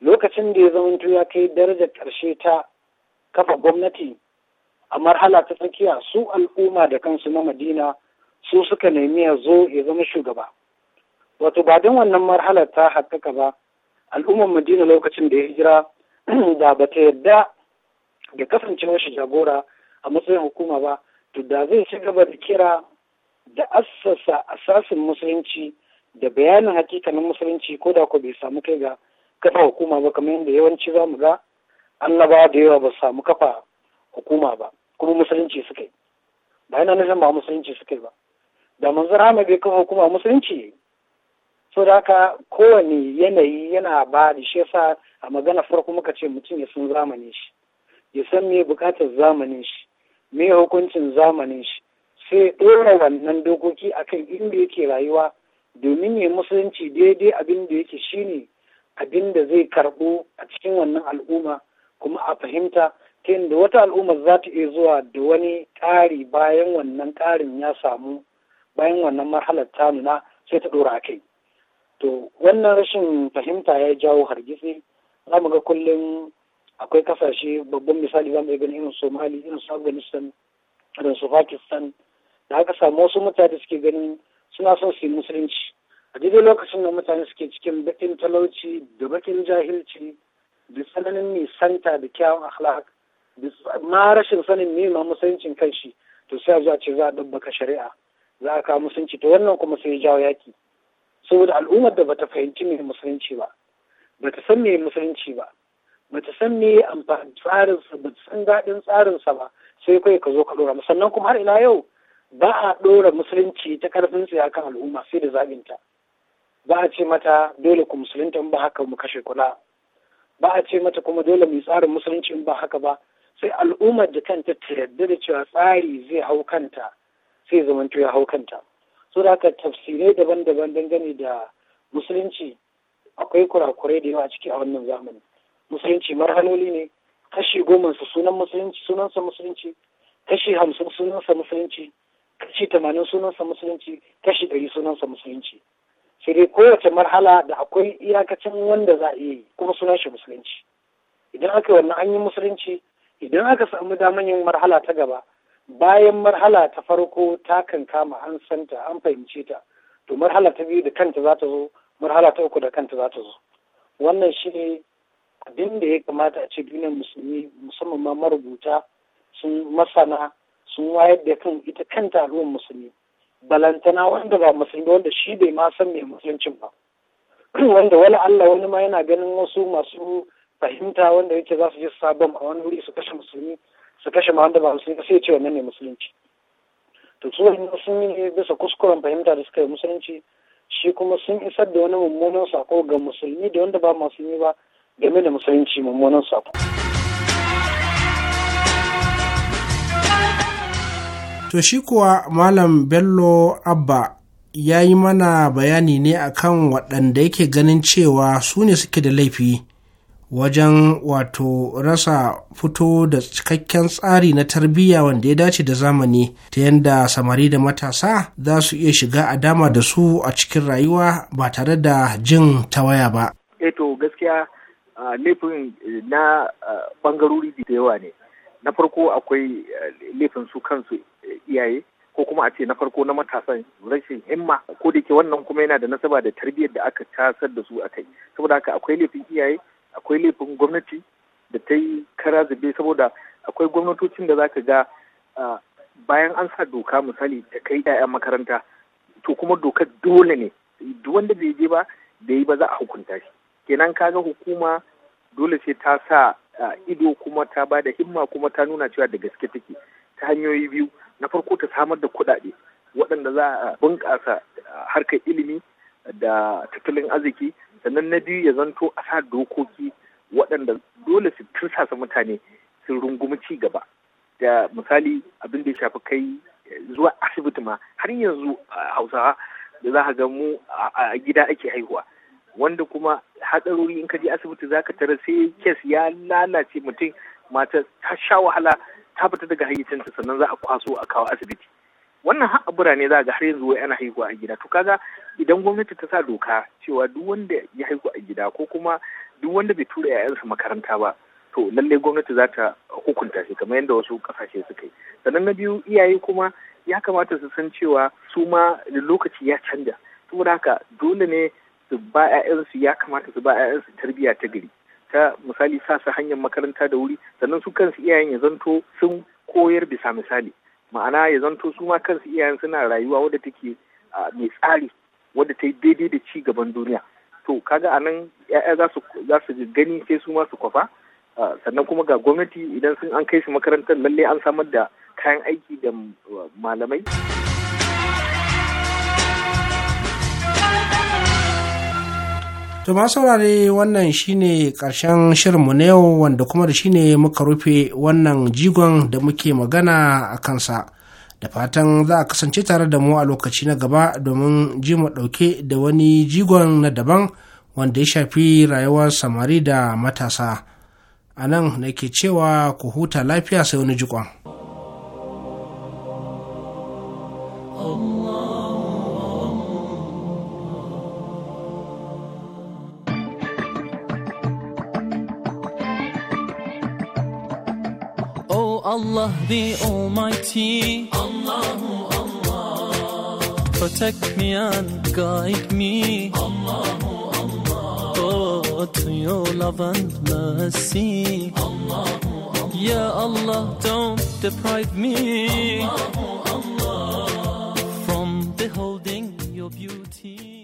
lokacin da ya zamanto ya kai darajar ƙarshe ta kafa gwamnati a marhala ta tsakiya su al'umma da kansu na madina su suka nemi ya zo ya zama shugaba wato ba don wannan marhalar ta haƙƙaƙa ba al'ummar madina lokacin da ya hijira da ba ta yarda da kasancewar shi jagora a matsayin hukuma ba to da zai ci gaba da kira da assasa asasin musulunci da bayanin hakikanin musulunci ko da ko bai samu kai ga kafa hukuma ba kamar yadda yawanci za mu ga annaba da yawa ba samu kafa hukuma ba kuma musulunci suka yi ba yana nufin ba musulunci suka yi ba da manzon rama bai kafa hukuma musulunci so da haka kowane yanayi yana ba da shi yasa a magana farko muka ce mutum ya san zamanin shi ya san me bukatar zamanin shi me hukuncin zamanin shi sai ɗora wannan dokoki akan inda yake rayuwa domin ya musulunci daidai abin da yake shine abin da zai karɓo a cikin wannan al'umma kuma a fahimta ta yadda wata al'umma za ta iya zuwa da wani ƙari bayan wannan ƙarin ya samu bayan wannan marhalar ta nuna sai ta ɗora a kai to wannan rashin fahimta ya jawo hargitsi za mu ga kullum akwai kasashe babban misali za mu iya ganin irin somali irin su afghanistan irin su pakistan da aka samu wasu mutane suke ganin suna son su yi musulunci a daidai lokacin da mutane suke cikin bakin talauci da bakin jahilci da tsananin nisanta da kyawun akhlaq ma rashin sanin me ma musuluncin kanshi to sai a zuwa ce za a dabbaka shari'a za a kawo musulunci to wannan kuma sai ya jawo yaki saboda al'ummar da bata fahimci me musulunci ba bata san me musulunci ba bata san me amfani tsarinsa bata san daɗin tsarinsa ba sai kai ka zo ka ɗora sannan kuma har ina yau ba a ɗora musulunci ta ƙarfin tsaye kan al'umma sai da zaɓinta ba a ce mata dole ku musulunta ba haka mu kashe kula ba a ce mata kuma dole mu tsarin musulunci in ba haka ba sai al'ummar da kanta ta yarda da cewa tsari zai hau kanta sai zamanto ya hau kanta so da haka tafsirai daban-daban dangane da musulunci akwai kurakurai da yawa a ciki a wannan zamani musulunci marhanoli ne kashi goma su sunan musulunci sunansa musulunci kashi hamsin sunansa musulunci kashi tamanin sunansa musulunci kashi ɗari sunansa musulunci sai dai kowace marhala da akwai iyakacin wanda za a yi kuma sunan shi musulunci idan aka yi wannan an yi musulunci idan aka samu daman yin marhala ta gaba bayan marhala ta farko ta kan kama an santa an fahimce ta to marhala ta biyu da kanta za ta zo marhala ta uku da kanta za ta zo wannan shi ne abin da ya kamata a ce duniyar musulmi musamman ma marubuta sun masana sun wayar da kan ita kanta taruwan musulmi balantana wanda ba musulmi wanda shi bai ma san mai musuluncin ba wanda wani Allah wani ma yana ganin wasu masu fahimta wanda yake za su je sabon a wani wuri su kashe musulmi su kashe ma wanda ba musulmi sai ce wannan ne musulunci to su sun yi bisa kuskuren fahimta da suka yi musulunci shi kuma sun isar da wani mummunan sako ga musulmi da wanda ba musulmi ba game da musulunci mummunan sako. To shi kuwa Malam Bello Abba ya yi mana bayani ne akan waɗanda yake ganin cewa su ne suke da laifi wajen wato rasa fito da cikakken tsari na tarbiyya wanda ya dace da zamani ta yadda samari da matasa za su iya shiga a dama da su a cikin rayuwa ba tare da jin tawaya ba. Eto eh gaskiya laifin eh, na bangarori da yawa ne na farko akwai eh, laifin su kansu eh, iyaye ko kuma a ce na farko na matasan rashin himma ko da ke wannan kuma yana da nasaba da tarbiyyar da aka tasar da su a kai saboda haka akwai laifin iyaye akwai laifin gwamnati da ta yi kara zube saboda akwai gwamnatocin da zaka ga bayan an sa doka misali ta kai 'ya'yan makaranta to kuma dokar dole ne duk wanda bai je ba bai yi ba za a hukunta shi kenan kaga hukuma dole sai ta sa ido kuma ta ba da himma kuma ta nuna cewa da gaske take ta hanyoyi biyu na farko ta samar da kuɗaɗe waɗanda za a bunƙasa harkar ilimi da tattalin arziki sannan na biyu ya zanto a sa dokoki waɗanda dole su tursasa mutane su rungumi ci gaba da misali abin da ya shafi kai zuwa asibiti ma har yanzu hausawa da za ga mu a gida ake haihuwa wanda kuma hadarori in ka je asibiti zaka tara sai kes ya lalace mutum mata ta sha wahala ta fita daga hayyacinta sannan za a kwaso a kawo asibiti wannan har a birane za ga har yanzu wai ana haihuwa a gida to kaga idan gwamnati ta sa doka cewa duk wanda ya haihu a gida ko kuma duk wanda bai tura 'ya'yansa makaranta ba to lallai gwamnati za ta hukunta shi kamar yadda wasu kasashe suka yi sannan na biyu iyaye kuma ya kamata su san cewa su ma lokaci ya canja saboda haka dole ne su ba 'ya'yansu ya kamata su ba 'ya'yansu tarbiyya ta gari ta misali sa su hanyar makaranta da wuri sannan su kansu iyayen ya zanto sun koyar bisa misali ma'ana ya zanto su ma kansu iyayen suna rayuwa wadda take mai tsari wadda ta yi daidai da ci gaban duniya to kaga a nan ya'ya za su gani sai su ma su kwafa sannan kuma ga gwamnati idan sun an kai su makarantar lalle an samar da kayan aiki da malamai To ma saurare wannan shine ƙarshen shirinmu na yau wanda kuma da shine muka rufe wannan jigon da muke magana a kansa. Da fatan za a kasance tare da mu a lokaci na gaba domin ji mu ɗauke da wani jigon na daban wanda ya shafi rayuwar samari da matasa. A nan nake cewa ku huta lafiya sai wani jikon. Allah the Almighty. Allahu Allah. Protect me and guide me. Allahu Allah. Oh, to your love and mercy. Allahu Allah. Ya Allah, don't deprive me. Allahu Allah. From beholding your beauty.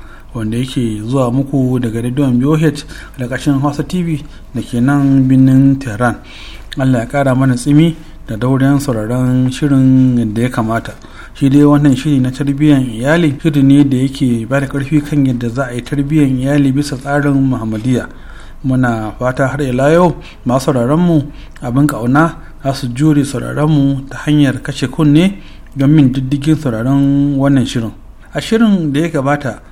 wanda yake zuwa muku daga rediyon BOH da kashin Hausa TV da ke nan birnin Tehran. Allah ya kara mana tsimi da daurin sauraron shirin da ya kamata. Shi dai wannan shiri na tarbiyyar iyali shiri ne da yake ba da karfi kan yadda za a yi tarbiyyar iyali bisa tsarin Muhammadiyya. Muna fata har ila yau masu mu abin ƙauna za su jure mu ta hanyar kashe kunne don min diddigin sauraron wannan shirin. A shirin da ya gabata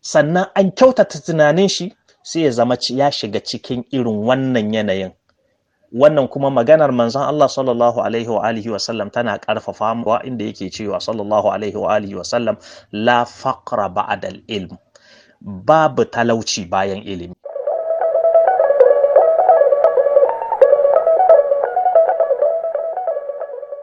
sannan an kyautata tunanin shi sai ya zama ya shiga cikin irin wannan yanayin wannan kuma maganar manzon Allah sallallahu alaihi wa alihi wa sallam tana karfafa wa inda yake cewa sallallahu alaihi wa alihi wa sallam la faqra ba'da al-ilm babu talauci bayan ilimi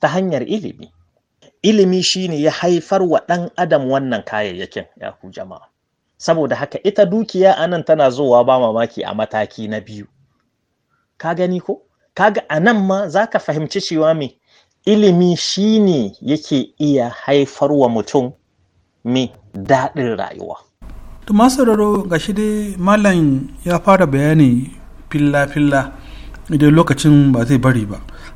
ta hanyar ilimi ilimi shi ne ya haifar wa ɗan adam wannan kayayyakin ya ku jama'a saboda haka ita dukiya a nan tana zowa ba mamaki a mataki na biyu ka gani ko kaga a nan ma za ka fahimci cewa me ilimi shi ne yake iya haifar wa mutum me daɗin rayuwa to masararo ga shi dai malam ya fara bayani filla-filla idan lokacin ba zai bari ba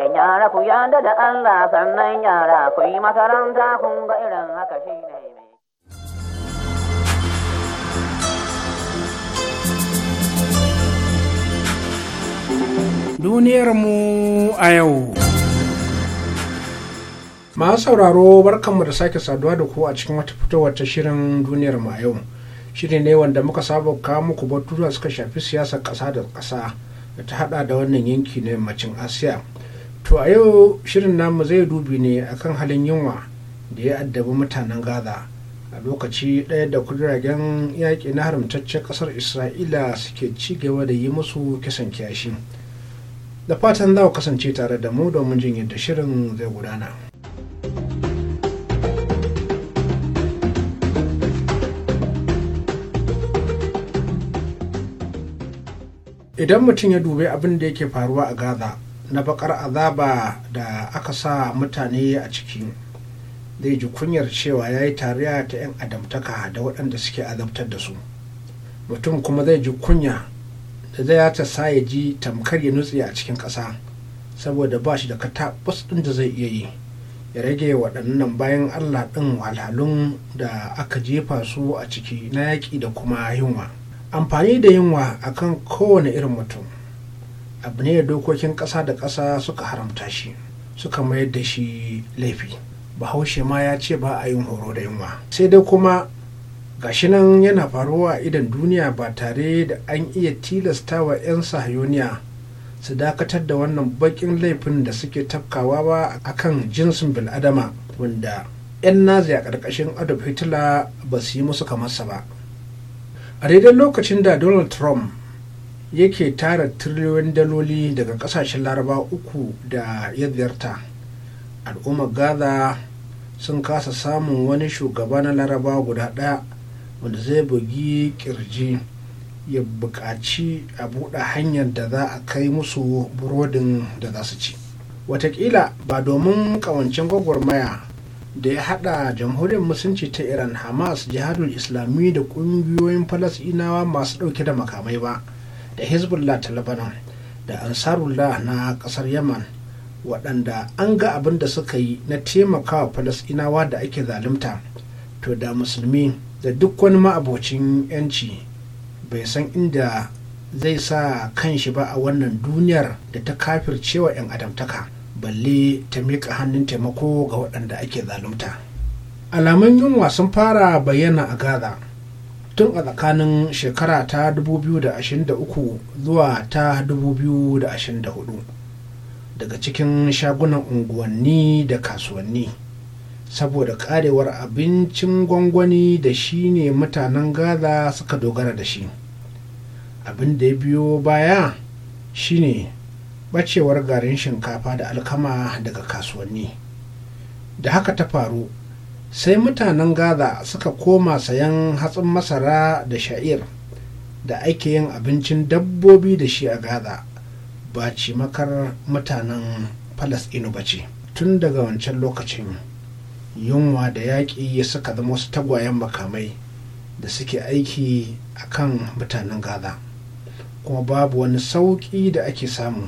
Yara ku yada da Allah sannan yara ku yi makaranta kun ga irin haka shi ne. Duniyarmu a yau. Masu sauraro barkanmu da sake saduwa da ku a cikin wata fitowar ta shirin duniyar mu a yau. Shiri ne wanda muka saba kawo muku batutuwa suka shafi siyasar ƙasa da ƙasa da ta hada da wannan yanki na yammacin Asiya. to a yau shirin namu zai dubi ne akan halin yunwa da ya addabi mutanen gaza a lokaci ɗaya da kuduragen yaƙi na haramtaccen ƙasar isra'ila suke cigaba da yi musu kisan kiyashi da fatan za ku kasance tare da mu domin jin yadda shirin zai gudana idan mutum ya dubi abin da yake faruwa a gaza na bakar azaba da aka sa mutane a ciki zai ji kunyar cewa ya yi tariya ta 'yan adamtaka da waɗanda suke azabtar da su mutum kuma zai ji kunya da zai ta sa ya ji tamkar ya nutse a cikin ƙasa saboda ba shi da katabus ɗin da zai iya yi ya rage waɗannan bayan allah ɗin alhalun da aka jefa su a ciki na yaƙi da kuma yunwa amfani da yunwa akan kowane irin mutum abu ne da dokokin ƙasa da ƙasa suka haramta shi suka mayar da shi laifi bahaushe ma ya ce ba a yin horo da yunwa sai dai kuma gashi nan yana faruwa idan duniya ba tare da an iya tilasta wa 'yan sahayoniya su dakatar da wannan baƙin laifin da suke tafkawa ba a kan jinsin bil'adama wanda 'yan nazi a ƙarƙashin adolf hitler ba su yi musu kamarsa ba a daidai lokacin da donald trump yake tara tiriliyoyin daloli daga kasashen laraba uku da ya ziyarta al'ummar gaza sun kasa samun wani shugaba na laraba guda ɗaya wanda zai bugi kirji ya buƙaci a buɗe hanyar da za a kai musu burodin da za su ci watakila ba domin ƙawancin gwagwarmaya da ya haɗa jamhuriyar musulunci ta iran hamas jihadul islami da ƙungiyoyin falasinawa masu ɗauke da makamai ba da hezbollah ta lebanon da ansarullah na kasar yaman waɗanda an ga abin da suka yi na taimakawa falasinawa da ake zalunta to da musulmi da duk wani ma'abocin yanci bai san inda zai sa kan shi ba a wannan duniyar da ta kafircewa 'yan adamtaka balle ta miƙa hannun taimako ga waɗanda ake zalunta alamun yunwa sun fara bayyana a gaza tun a tsakanin shekara ta 2023 zuwa ta 2024 daga cikin shagunan unguwanni da kasuwanni saboda karewar abincin gwangwani da shi ne mutanen gaza suka dogara da shi abin da ya biyo baya shine bacewar garin shinkafa da alkama daga kasuwanni da haka ta faru sai mutanen gaza suka koma sayan hatsin masara da sha'ir da ake yin abincin dabbobi da shi a gaza ba cimakar mutanen falasɗinu ba ce tun daga wancan lokacin yunwa da yaƙi suka zama wasu tagwayen makamai da suke aiki a kan mutanen gaza kuma babu wani sauƙi da ake samu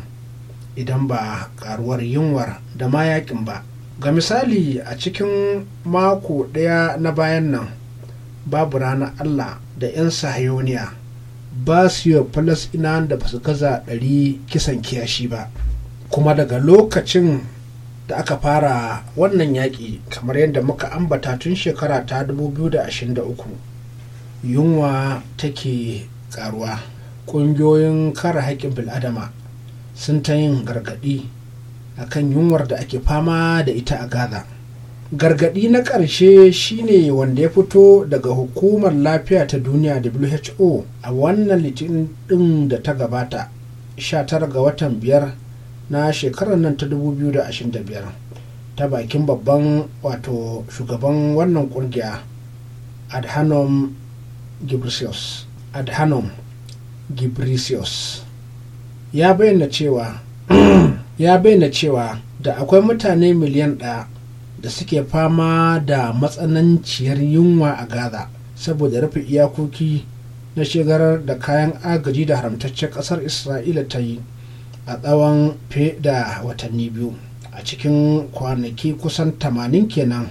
idan ba ƙaruwar yunwar da ma yaƙin ba ga misali a cikin mako ɗaya na bayan nan babu ranar allah da 'yan sahayoniya ba su yi ina da ba su gaza ɗari kisan kiyashi ba kuma daga lokacin da aka fara wannan yaƙi kamar yadda muka ambata tun shekara ta 2023 yunwa take ƙaruwa ƙungiyoyin kare haƙƙin bil'adama sun ta yin gargaɗi a kan yunwar da ake fama da ita a gaza gargadi na ƙarshe shine wanda ya fito daga hukumar lafiya ta duniya who a wannan litinin ɗin da ta gabata 19 ga watan biyar na shekarar nan ta 2025 ta bakin babban wato shugaban wannan ƙungiya adhanom gibrisius adhanom gibrisius ya bayyana cewa ya bayyana cewa da akwai mutane miliyan ɗaya da suke fama da matsananciyar yunwa a gaza saboda rufe iyakoki na shigar da kayan agaji da haramtaccen ƙasar isra'ila ta yi a tsawon fiye da watanni biyu a cikin kwanaki kusan tamanin kenan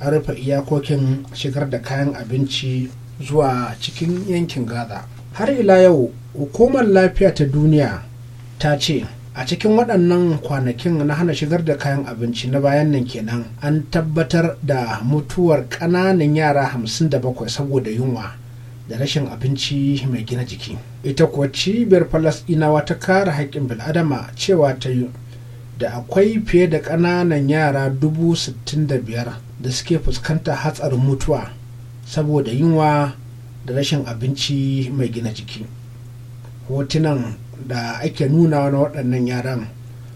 a rufe iyakokin shigar da kayan abinci zuwa cikin yankin gaza har ila yau hukumar lafiya ta duniya ta ce a cikin waɗannan kwanakin na hana shigar da kayan abinci na bayan nan kenan an tabbatar da mutuwar ƙananan yara 57 saboda yunwa da rashin abinci mai gina jiki ita kuwa cibiyar falasɗinawa ta kare haƙƙin bil'adama cewa ta yi da akwai fiye da ƙananan yara 65,000 da suke fuskanta hatsarin mutuwa saboda yunwa da rashin abinci mai gina jiki hotunan da ake nuna wani waɗannan yaran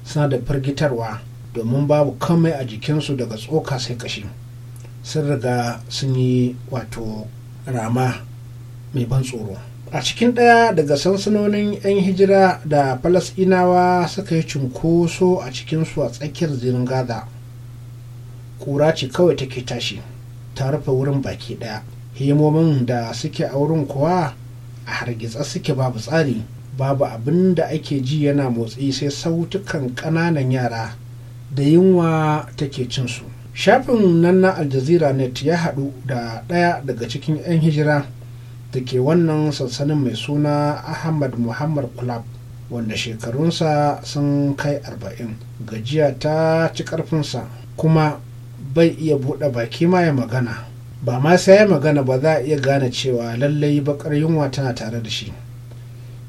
suna da firgitarwa domin babu kamai a jikinsu daga tsoka sai kashi sun riga sun yi wato rama mai ban tsoro a cikin ɗaya daga sansanonin 'yan hijira da falasɗinawa suka yi cunkoso a cikinsu a tsakiyar zirin gaza ƙura ce kawai take tashi ta rufe wurin baki ɗaya himomin da suke a wurin kuwa a hargitsa suke babu tsari babu abin da ake ji yana motsi sai sautukan ƙananan yara da yunwa take cinsu shafin nan na aljazeera net ya haɗu da ɗaya daga cikin 'yan hijira da ke wannan sansanin mai suna ahmad muhammad kulab wanda shekarunsa sun kai arba'in gajiya ta ci ƙarfinsa kuma bai iya buɗe baki ma ya magana ba ma sai ya magana ba za a iya gane cewa lallai baƙar yunwa tana tare da shi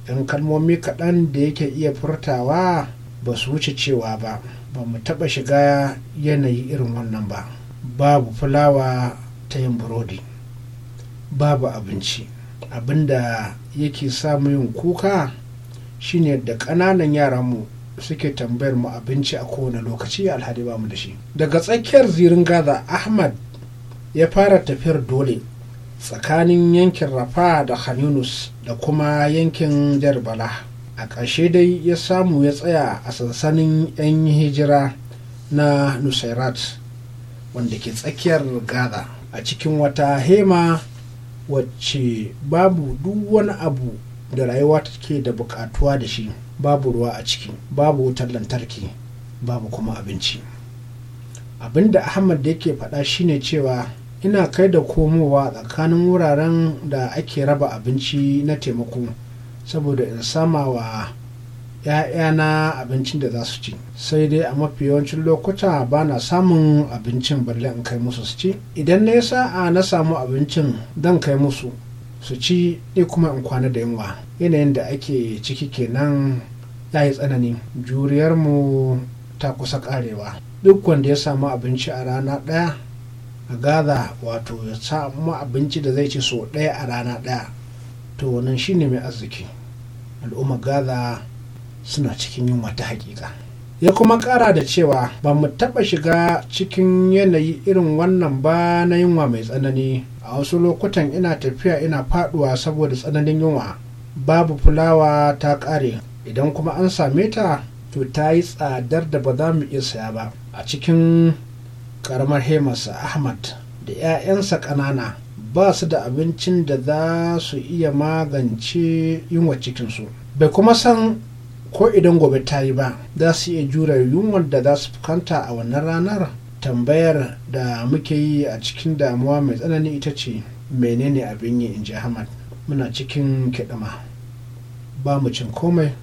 'yan kalmomi kaɗan da yake iya furtawa ba su wuce cewa ba ba mu taɓa shiga yanayi irin wannan ba babu fulawa ta yin burodi babu abinci abinda yake samu yin kuka shine da ƙananan yaranmu suke tambayar mu abinci a kowane lokaci alhadi ba mu da shi daga tsakiyar zirin gaza ahmad ya fara tafiyar dole tsakanin yankin rafa da khanunus da kuma yankin jarbala a ƙarshe dai ya samu ya tsaya a sansanin 'yan hijira na nusairat wanda ke tsakiyar gaza a cikin wata hema wacce babu duk wani abu da rayuwa ke da bukatuwa da shi babu ruwa a ciki babu wutar lantarki babu kuma abinci abinda ahmad da yake faɗa shine cewa ina kai da komowa tsakanin wuraren da ake raba abinci na taimako saboda in sama wa ‘ya'yana abincin da za su ci sai dai a mafi yawancin lokuta ba na samun abincin balle in kai musu su ci idan na sa'a na samu abincin don kai musu su ci ne kuma in kwana da yunwa yanayin da ake ciki kenan ya yi tsanani juriyarmu ta kusa karewa duk wanda ya samu abinci a rana ɗaya a gaza wato ya samu abinci da zai ci so ɗaya a rana ɗaya to wannan shine mai arziki Al'umma gaza suna cikin yunwa ta hakika ya kuma ƙara da cewa ba mu taɓa shiga cikin yanayi irin wannan ba na yunwa mai tsanani a wasu lokutan ina tafiya ina faɗuwa saboda tsananin yunwa babu fulawa ta ƙare idan kuma an same ta to ta yi tsadar da ba za mu iya saya ba a cikin Ƙaramar hemarsa ahmad da 'ya'yansa ƙanana ba su da abincin da za su iya magance yunwa cikinsu bai kuma san ko idan gobe ta yi ba za su iya jura yunwar da za su fuskanta a wannan ranar tambayar da muke yi a cikin damuwa mai tsanani ita ce menene abin yi in ji ahmad muna cikin kiɗima ba mu cin komai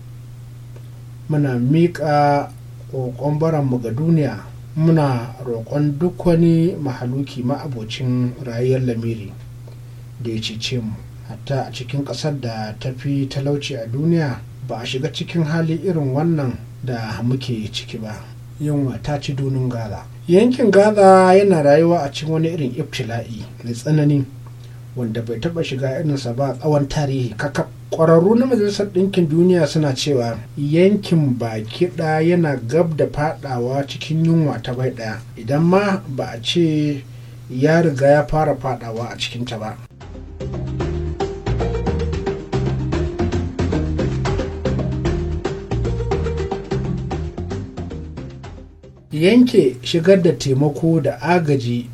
muna miƙa ƙoƙon baranmu ga duniya muna roƙon duk wani mahaluki ma'abocin rayuwar lamiri da ya cece mu hatta a cikin ƙasar da ta fi talauci a duniya ba a shiga cikin hali irin wannan da muke ciki ba yunwa ta ci dunin gaza yankin gaza yana rayuwa a cikin wani irin ibtila'i mai tsanani wanda bai taba shiga irinsa ba tsawon tarihi kaka kwararru na majalisar ɗinkin duniya suna cewa yankin baki ɗaya yana gab da fadawa cikin yunwa ta bai ɗaya idan ma ba a ce ya riga ya fara fadawa a cikinta ba yanke shigar da taimako da agaji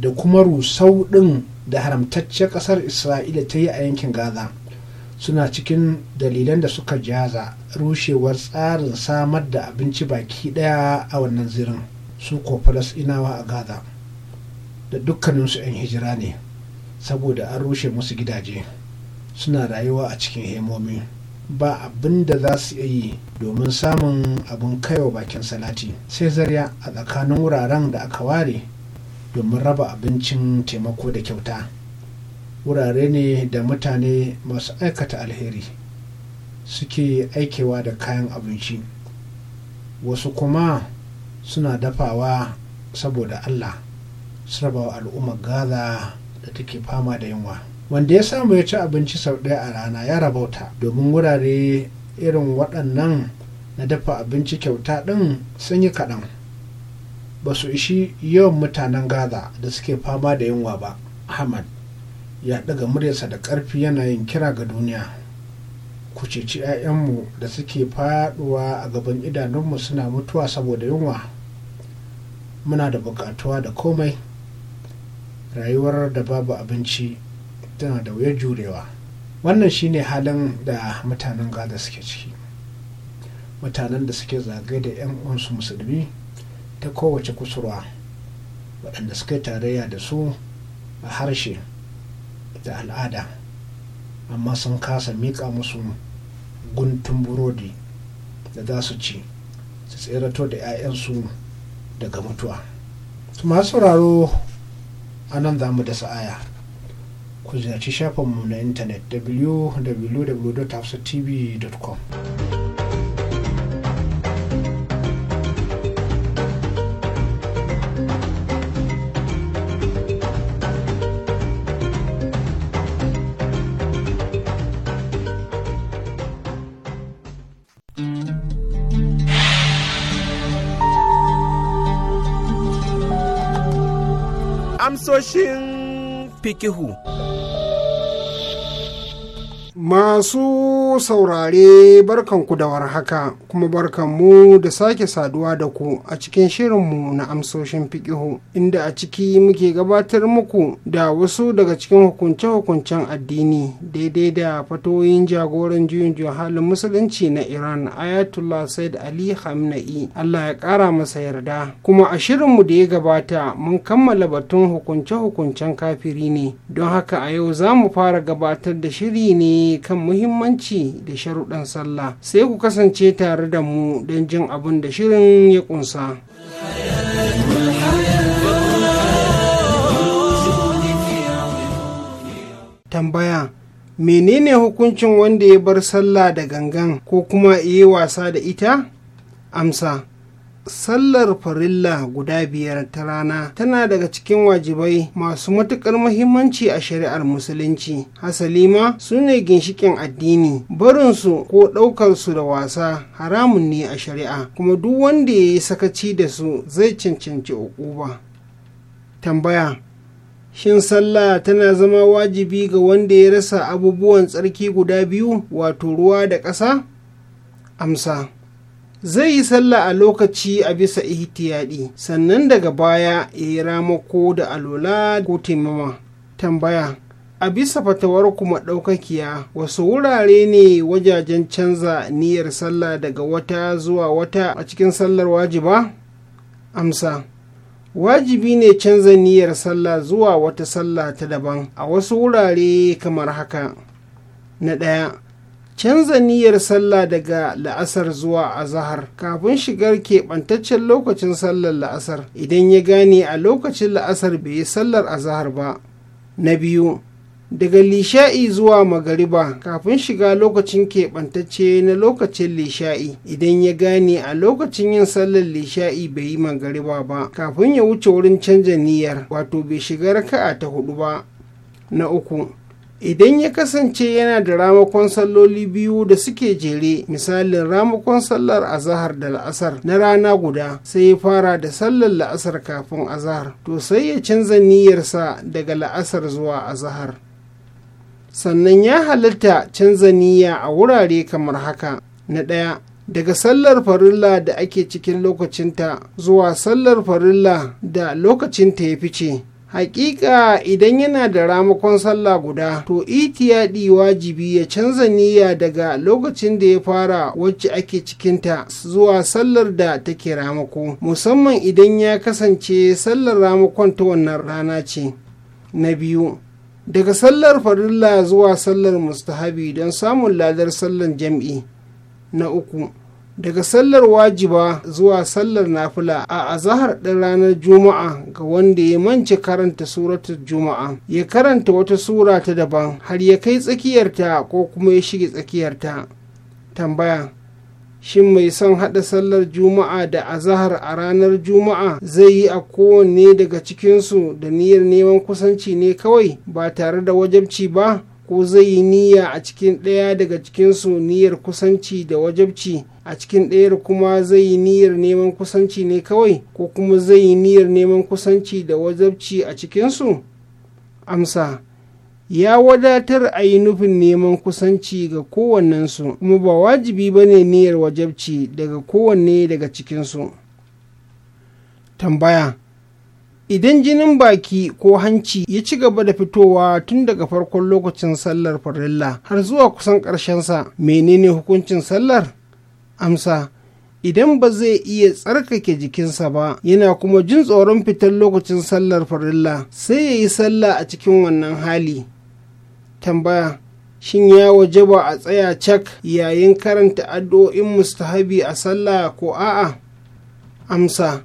da kuma rusau ɗin da haramtaccen ƙasar isra'ila ta yi a yankin gaza suna cikin dalilan da suka jaza rushewar tsarin samar da abinci baki ɗaya a wannan zirin su ko inawa a gaza da dukkaninsu 'yan hijira ne saboda an rushe musu gidaje suna rayuwa a cikin hemomi ba abin da za su yi domin samun abin kaiwa bakin salati sai zarya a tsakanin wuraren da aka ware domin raba abincin taimako da kyauta wurare ne da mutane masu aikata alheri suke aikewa da kayan abinci wasu kuma suna dafawa saboda allah su raba wa al'ummar gaza da take fama da yunwa wanda ya samu ya ci abinci sau ɗaya a rana ya rabauta domin wurare irin waɗannan na dafa abinci kyauta ɗin sun yi kaɗan ba su ishi yawan mutanen gaza da suke fama da yunwa ba ahmad ya daga muryarsa da karfi yana yin kira ga duniya ku ceci 'ya'yanmu da suke faɗuwa a gaban idanunmu suna mutuwa saboda yunwa muna da buƙatuwa da komai rayuwar da babu abinci tana da wuyar jurewa wannan shine halin da mutanen gaza suke ciki mutanen da suke zagaye da 'yan uwansu musulmi ta kowace kusurwa waɗanda suka yi tarayya da su a harshe da al'ada amma sun kasa miƙa musu guntun burodi da za su ci su tserato da 'ya'yansu daga mutuwa su masu sauraro a nan za mu da sa'aya ku ziyarci shafinmu na intanet www.hafsatv.com amsoshin fikihu. Masu saurare barkan ku da warhaka kuma barkanmu da sake saduwa da ku a cikin shirinmu na amsoshin fikihu inda a ciki muke gabatar muku da wasu daga cikin hukunce-hukuncen addini daidai da fatoyin jagoran juyin halin musulunci na Iran Ayatollah Said Ali Hamna'i Allah ya kara masa yarda kuma a shirinmu da ya gabata mun kammala batun hukunce-hukuncen kafiri ne don haka a yau za mu fara gabatar da shiri ne kan muhimmanci da sharuɗan sallah sai ku kasance tare da mu don jin abin da shirin ya ƙunsa. tambaya menene hukuncin wanda ya bar sallah da gangan ko kuma yi wasa da ita amsa sallar farilla guda biyar ta rana tana daga cikin wajibai masu matuƙar muhimmanci a shari'ar musulunci hasali ma su ne ginshikin addini barinsu ko ɗaukarsu da wasa haramun ne a shari'a kuma duk wanda ya yi sakaci da su zai cancanci uquba tambaya Shin sallah tana zama wajibi ga wanda ya rasa abubuwan tsarki guda biyu wato ruwa da ƙasa? Amsa. zai yi sallah a lokaci a bisa ihtiyadi sannan daga baya ya yi ramako da alola ko taimama tambaya a bisa fatawar kuma ɗaukakiya wasu wurare ne wajajen canza niyyar sallah daga wata zuwa wata a cikin sallar wajiba amsa wajibi ne canza niyyar sallah zuwa wata sallah ta daban a wasu wurare kamar haka na ɗaya canza niyyar sallah daga la'asar zuwa azahar kafin shigar keɓantaccen lokacin sallar la'asar idan ya gane a lokacin la'asar bai yi sallar azahar ba na biyu daga lisha'i zuwa magariba kafin shiga lokacin keɓantacce na lokacin lisha'i idan ya gane a lokacin yin sallar lisha'i bai yi magariba ba kafin ya wuce wurin canza niyyar wato bai shiga raka'a ta hudu ba na uku idan ya kasance yana da ramakon salloli biyu da suke jere misalin ramakon sallar azahar da la'asar na rana guda sai ya fara da sallar la'asar kafin azahar to sai ya canza niyyarsa daga la'asar zuwa azahar sannan ya halitta canza niyya a wurare kamar haka na ɗaya daga sallar farilla da ake cikin lokacinta zuwa sallar farilla da lokacinta ya fice hakika idan yana da ramakon sallah guda to itiyadi wajibi ya canza niyya daga lokacin da ya fara wacce ake cikinta zuwa sallar da take ramako musamman idan ya kasance sallar ramakon ta wannan rana ce na biyu daga sallar farilla zuwa sallar mustahabi don samun ladar sallar jam'i na uku daga sallar wajiba zuwa sallar nafila a azahar ɗin ranar juma'a ga wanda ya mance karanta suratu juma'a ya karanta wata sura ta daban har ya kai tsakiyarta ko kuma ya shige tsakiyarta tambaya shin mai son haɗa sallar juma'a da azahar a ranar juma'a zai yi a kowanne daga cikinsu da niyyar neman kusanci ne kawai ba tare da wajabci ba ko zai yi niyya a cikin ɗaya daga cikinsu niyyar kusanci da wajabci a cikin ɗayar kuma zai yi niyyar neman kusanci ne kawai ko kuma zai yi niyyar neman kusanci da wajabci a cikinsu amsa ya wadatar a yi nufin neman kusanci ga kowannensu kuma ba wajibi ba ne niyyar wajabci daga kowanne daga cikinsu tambaya idan jinin baki ko hanci ya ci gaba da fitowa tun daga farkon lokacin sallar farilla har zuwa kusan ƙarshensa menene hukuncin sallar amsa idan ba zai iya tsarkake jikinsa ba yana kuma jin tsoron fitar lokacin sallar farilla sai ya yi sallah a cikin wannan hali tambaya shin ya wajaba a tsaya cak yayin karanta addu'o'in mustahabi a sallah ko a'a amsa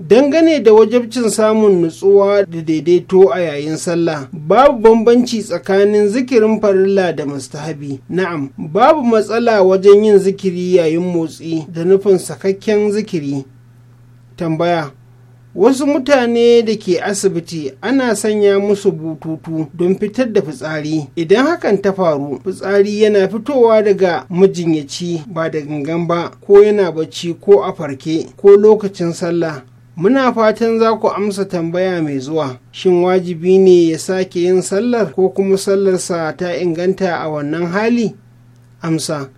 dangane da wajabcin samun nutsuwa da daidaito a yayin sallah babu bambanci tsakanin zikirin farilla da mustahabi na'am babu matsala wajen yin zikiri yayin motsi da nufin sakakken zikiri tambaya wasu mutane da ke asibiti ana sanya musu bututu don fitar da fitsari idan hakan ta faru fitsari yana fitowa daga mijinyaci ba da gangan ba ko yana bacci ko a farke ko lokacin sallah Muna fatan za ku amsa tambaya mai zuwa, shin wajibi ne ya sake yin sallar ko kuma sallarsa ta inganta a wannan hali? Amsa,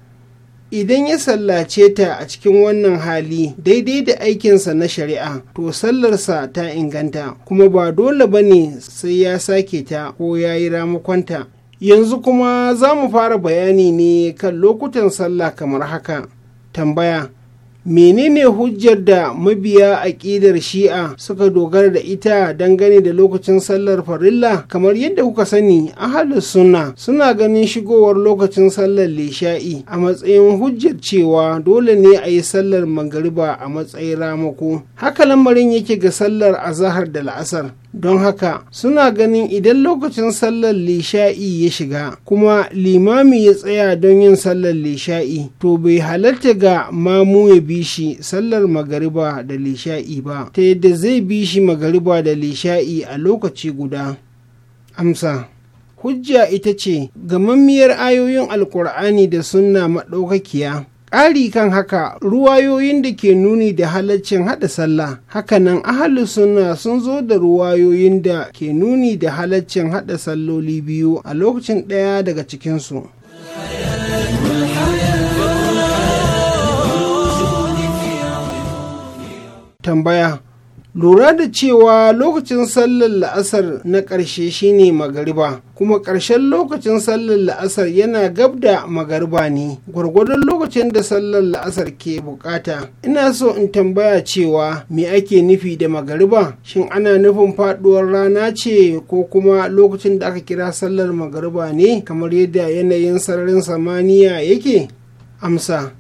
idan ya sallace ta a cikin wannan hali daidai da aikinsa na shari'a, to sallarsa ta inganta, kuma ba dole ba ne sai ya sake ta ko ya yi ramakonta. Yanzu kuma za mu fara bayani ne kan lokutan sallah kamar haka. Tambaya. menene hujjar da mabiya aƙidar shi'a suka dogara da ita dangane da lokacin sallar farilla kamar yadda kuka sani ahalus sunna suna ganin shigowar lokacin sallar lisha'i a matsayin hujjar cewa dole ne a yi sallar magariba a matsayin ramako haka lamarin yake ga sallar azahar da la'asar don haka suna ganin idan lokacin sallar lisha'i ya shiga kuma limami ya tsaya don yin sallar lisha'i to bai halarta ga mamu ya bi shi sallar magariba da lisha'i ba ta yadda zai bi shi magariba da lisha'i a lokaci guda amsa hujja ita ce gamammiyar ayoyin alkur'ani da sunna maɗaukakiya ƙari kan haka ruwayoyin da ke nuni da halaccin haɗa sallah hakanan ahalu suna sun zo da ruwayoyin da ke nuni da halaccin haɗa salloli biyu a lokacin ɗaya daga cikinsu tambaya lura da cewa lokacin sallar la'asar na ƙarshe shine magariba kuma ƙarshen lokacin sallar la'asar yana gab da magariba ne gwargwadon lokacin da sallar la'asar ke bukata ina so in tambaya cewa me ake nufi da magariba shin ana nufin faduwar rana ce ko kuma lokacin da aka kira sallar magariba ne kamar yadda yanayin sararin samaniya yake amsa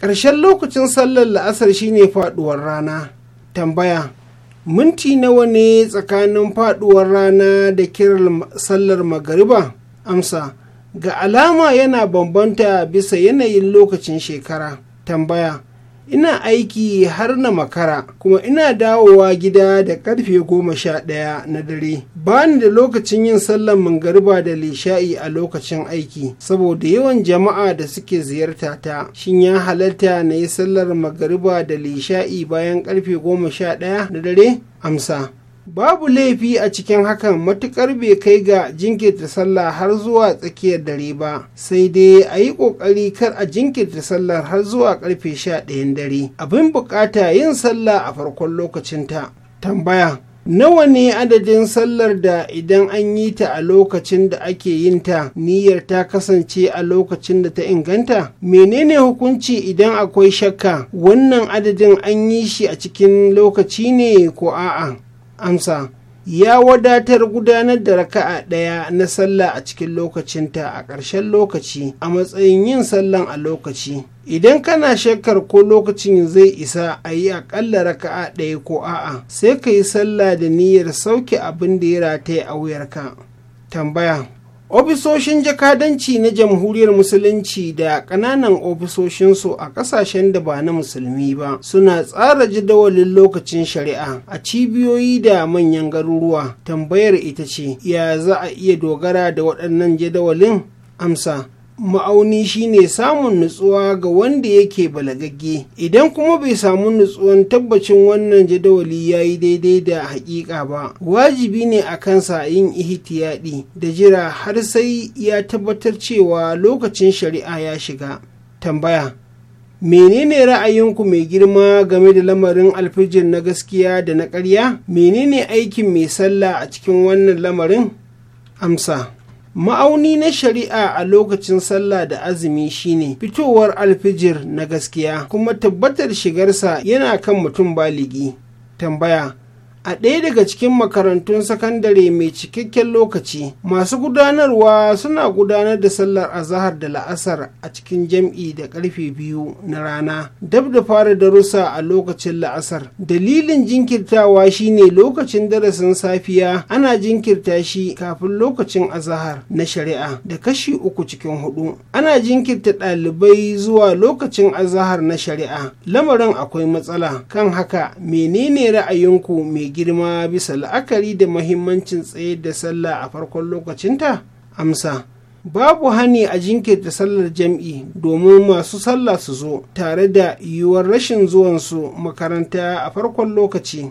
ƙarshen lokacin sallar la'asar shine faduwar rana tambaya minti nawa ne tsakanin faduwar rana da kiran sallar magariba amsa ga alama yana bambanta bisa yanayin lokacin shekara tambaya ina aiki har na makara kuma ina dawowa gida da karfe goma sha ɗaya na dare bani da lokacin yin sallar mangariba da lishai a lokacin aiki saboda yawan jama'a da suke ziyarta ta shin ya halatta na yi sallar magariba da lishai bayan karfe goma sha ɗaya na dare amsa babu laifi a cikin hakan matukar bai kai ga jinkirta sallah har zuwa tsakiyar dare ba sai dai a yi kokari kar a jinkirta sallar har zuwa karfe sha ɗayan dare abin bukata yin sallah a farkon lokacin ta. tambaya nawa ne adadin sallar da idan an yi ta a lokacin da ake yin ta niyyar ta kasance a lokacin da ta inganta menene hukunci idan akwai shakka wannan adadin an yi shi a cikin lokaci ne ko a'a amsa ya wadatar gudanar da raka'a ɗaya na sallah a cikin lokacinta a ƙarshen lokaci a matsayin yin sallan a lokaci idan kana shakkar ko lokacin zai isa a yi aƙalla raka'a ɗaya ko a'a sai ka yi sallah da niyyar sauke abin da ya rataye a wuyarka tambaya ofisoshin jakadanci na jamhuriyar musulunci da ƙananan ofisoshinsu a ƙasashen da ba na musulmi ba suna tsara jadawalin lokacin shari'a a cibiyoyi da manyan garuruwa tambayar ita ce ya za a iya dogara da waɗannan jadawalin amsa ma'auni shine samun nutsuwa ga wanda yake balagagge idan kuma bai samu nutsuwan tabbacin wannan jadawali ya yi daidai da hakika ba wajibi ne a kansa yin ihtiyadi da jira har sai ya tabbatar cewa lokacin shari'a ya shiga tambaya menene ra'ayinku mai girma game da lamarin alfijir na gaskiya da na ƙarya menene aikin mai sallah a cikin wannan lamarin amsa ma'auni na shari'a a lokacin sallah da azumi shine fitowar alfijir na gaskiya kuma tabbatar shigarsa yana kan mutum baligi tambaya a ɗaya daga cikin makarantun sakandare mai cikakken lokaci masu gudanarwa suna gudanar da sallar azahar da la'asar a cikin jam'i da karfe biyu na rana dab da fara darussa a lokacin la'asar dalilin jinkirtawa shine lokacin darasin safiya ana jinkirta shi kafin lokacin azahar na shari'a da kashi uku cikin hudu ana jinkirta ɗalibai zuwa lokacin azahar na shari'a lamarin akwai matsala kan haka menene ra'ayinku mai girma bisa la'akari da mahimmancin tsaye da sallah a farkon lokacinta amsa babu hani a jinkirta sallar jam'i domin masu sallah su zo tare da yiwuwar rashin zuwansu makaranta a farkon lokaci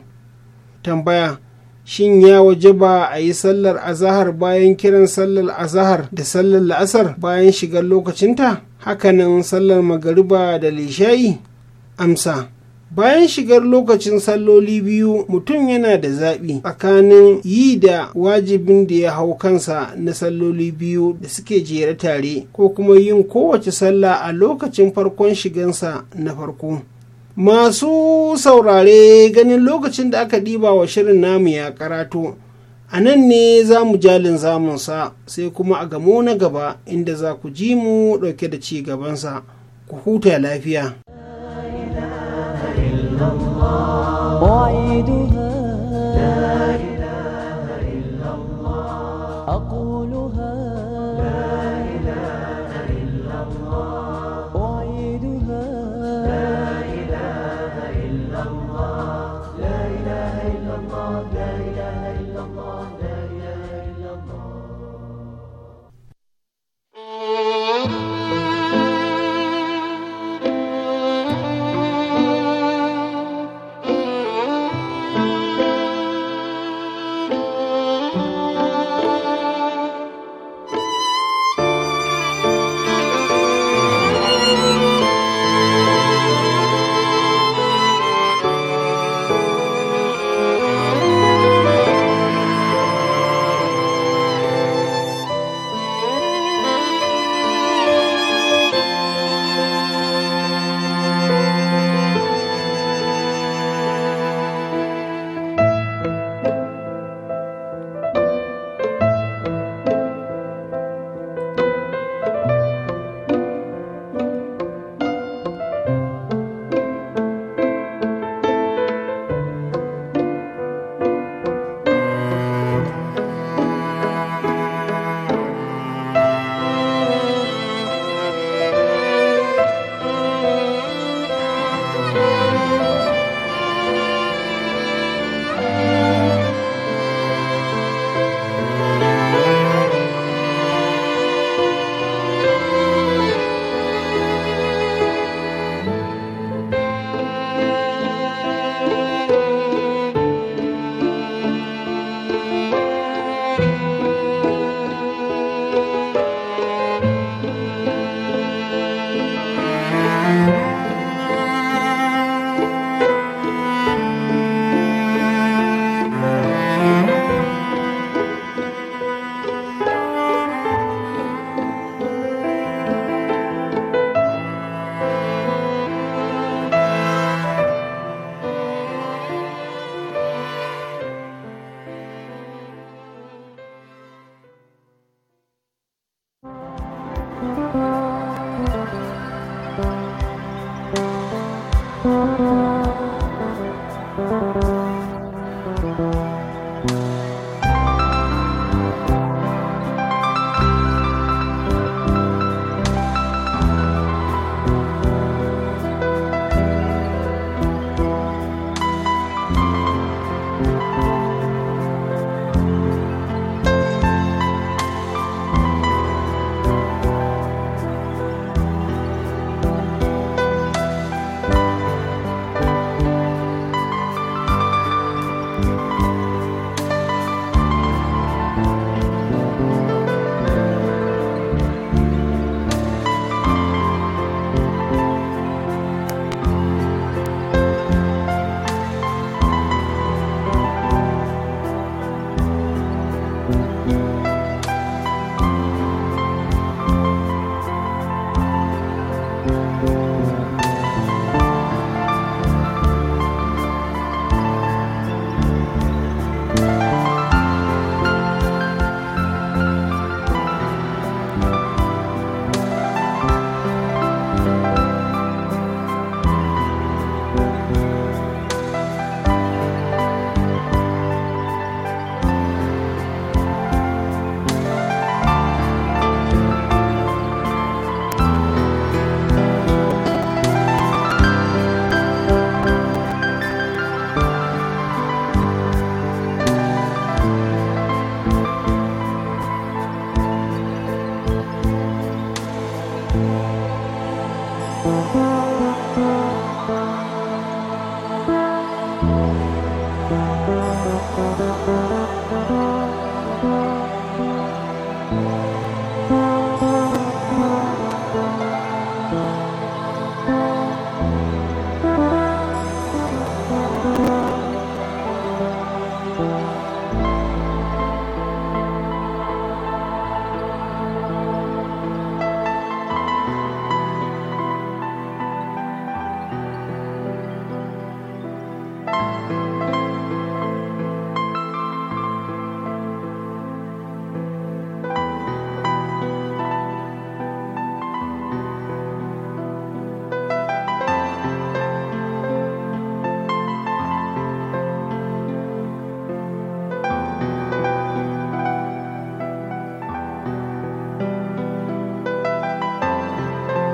tambaya shin ya waje ba a yi sallar azahar bayan kiran sallar azahar da sallar la'asar bayan shigar lokacinta hakanan sallar magariba da lishayi amsa bayan shigar lokacin salloli biyu mutum yana da zaɓi tsakanin yi da wajibin da ya hau kansa na salloli biyu da suke jere tare ko kuma yin kowace sallah a lokacin farkon shigansa na farko masu saurare ganin lokacin da aka ɗiba wa shirin namu ya karato a nan ne za mu jalin zamunsa sai kuma a gamo na gaba inda za ku ji mu ɗauke da ci gabansa ku huta lafiya الله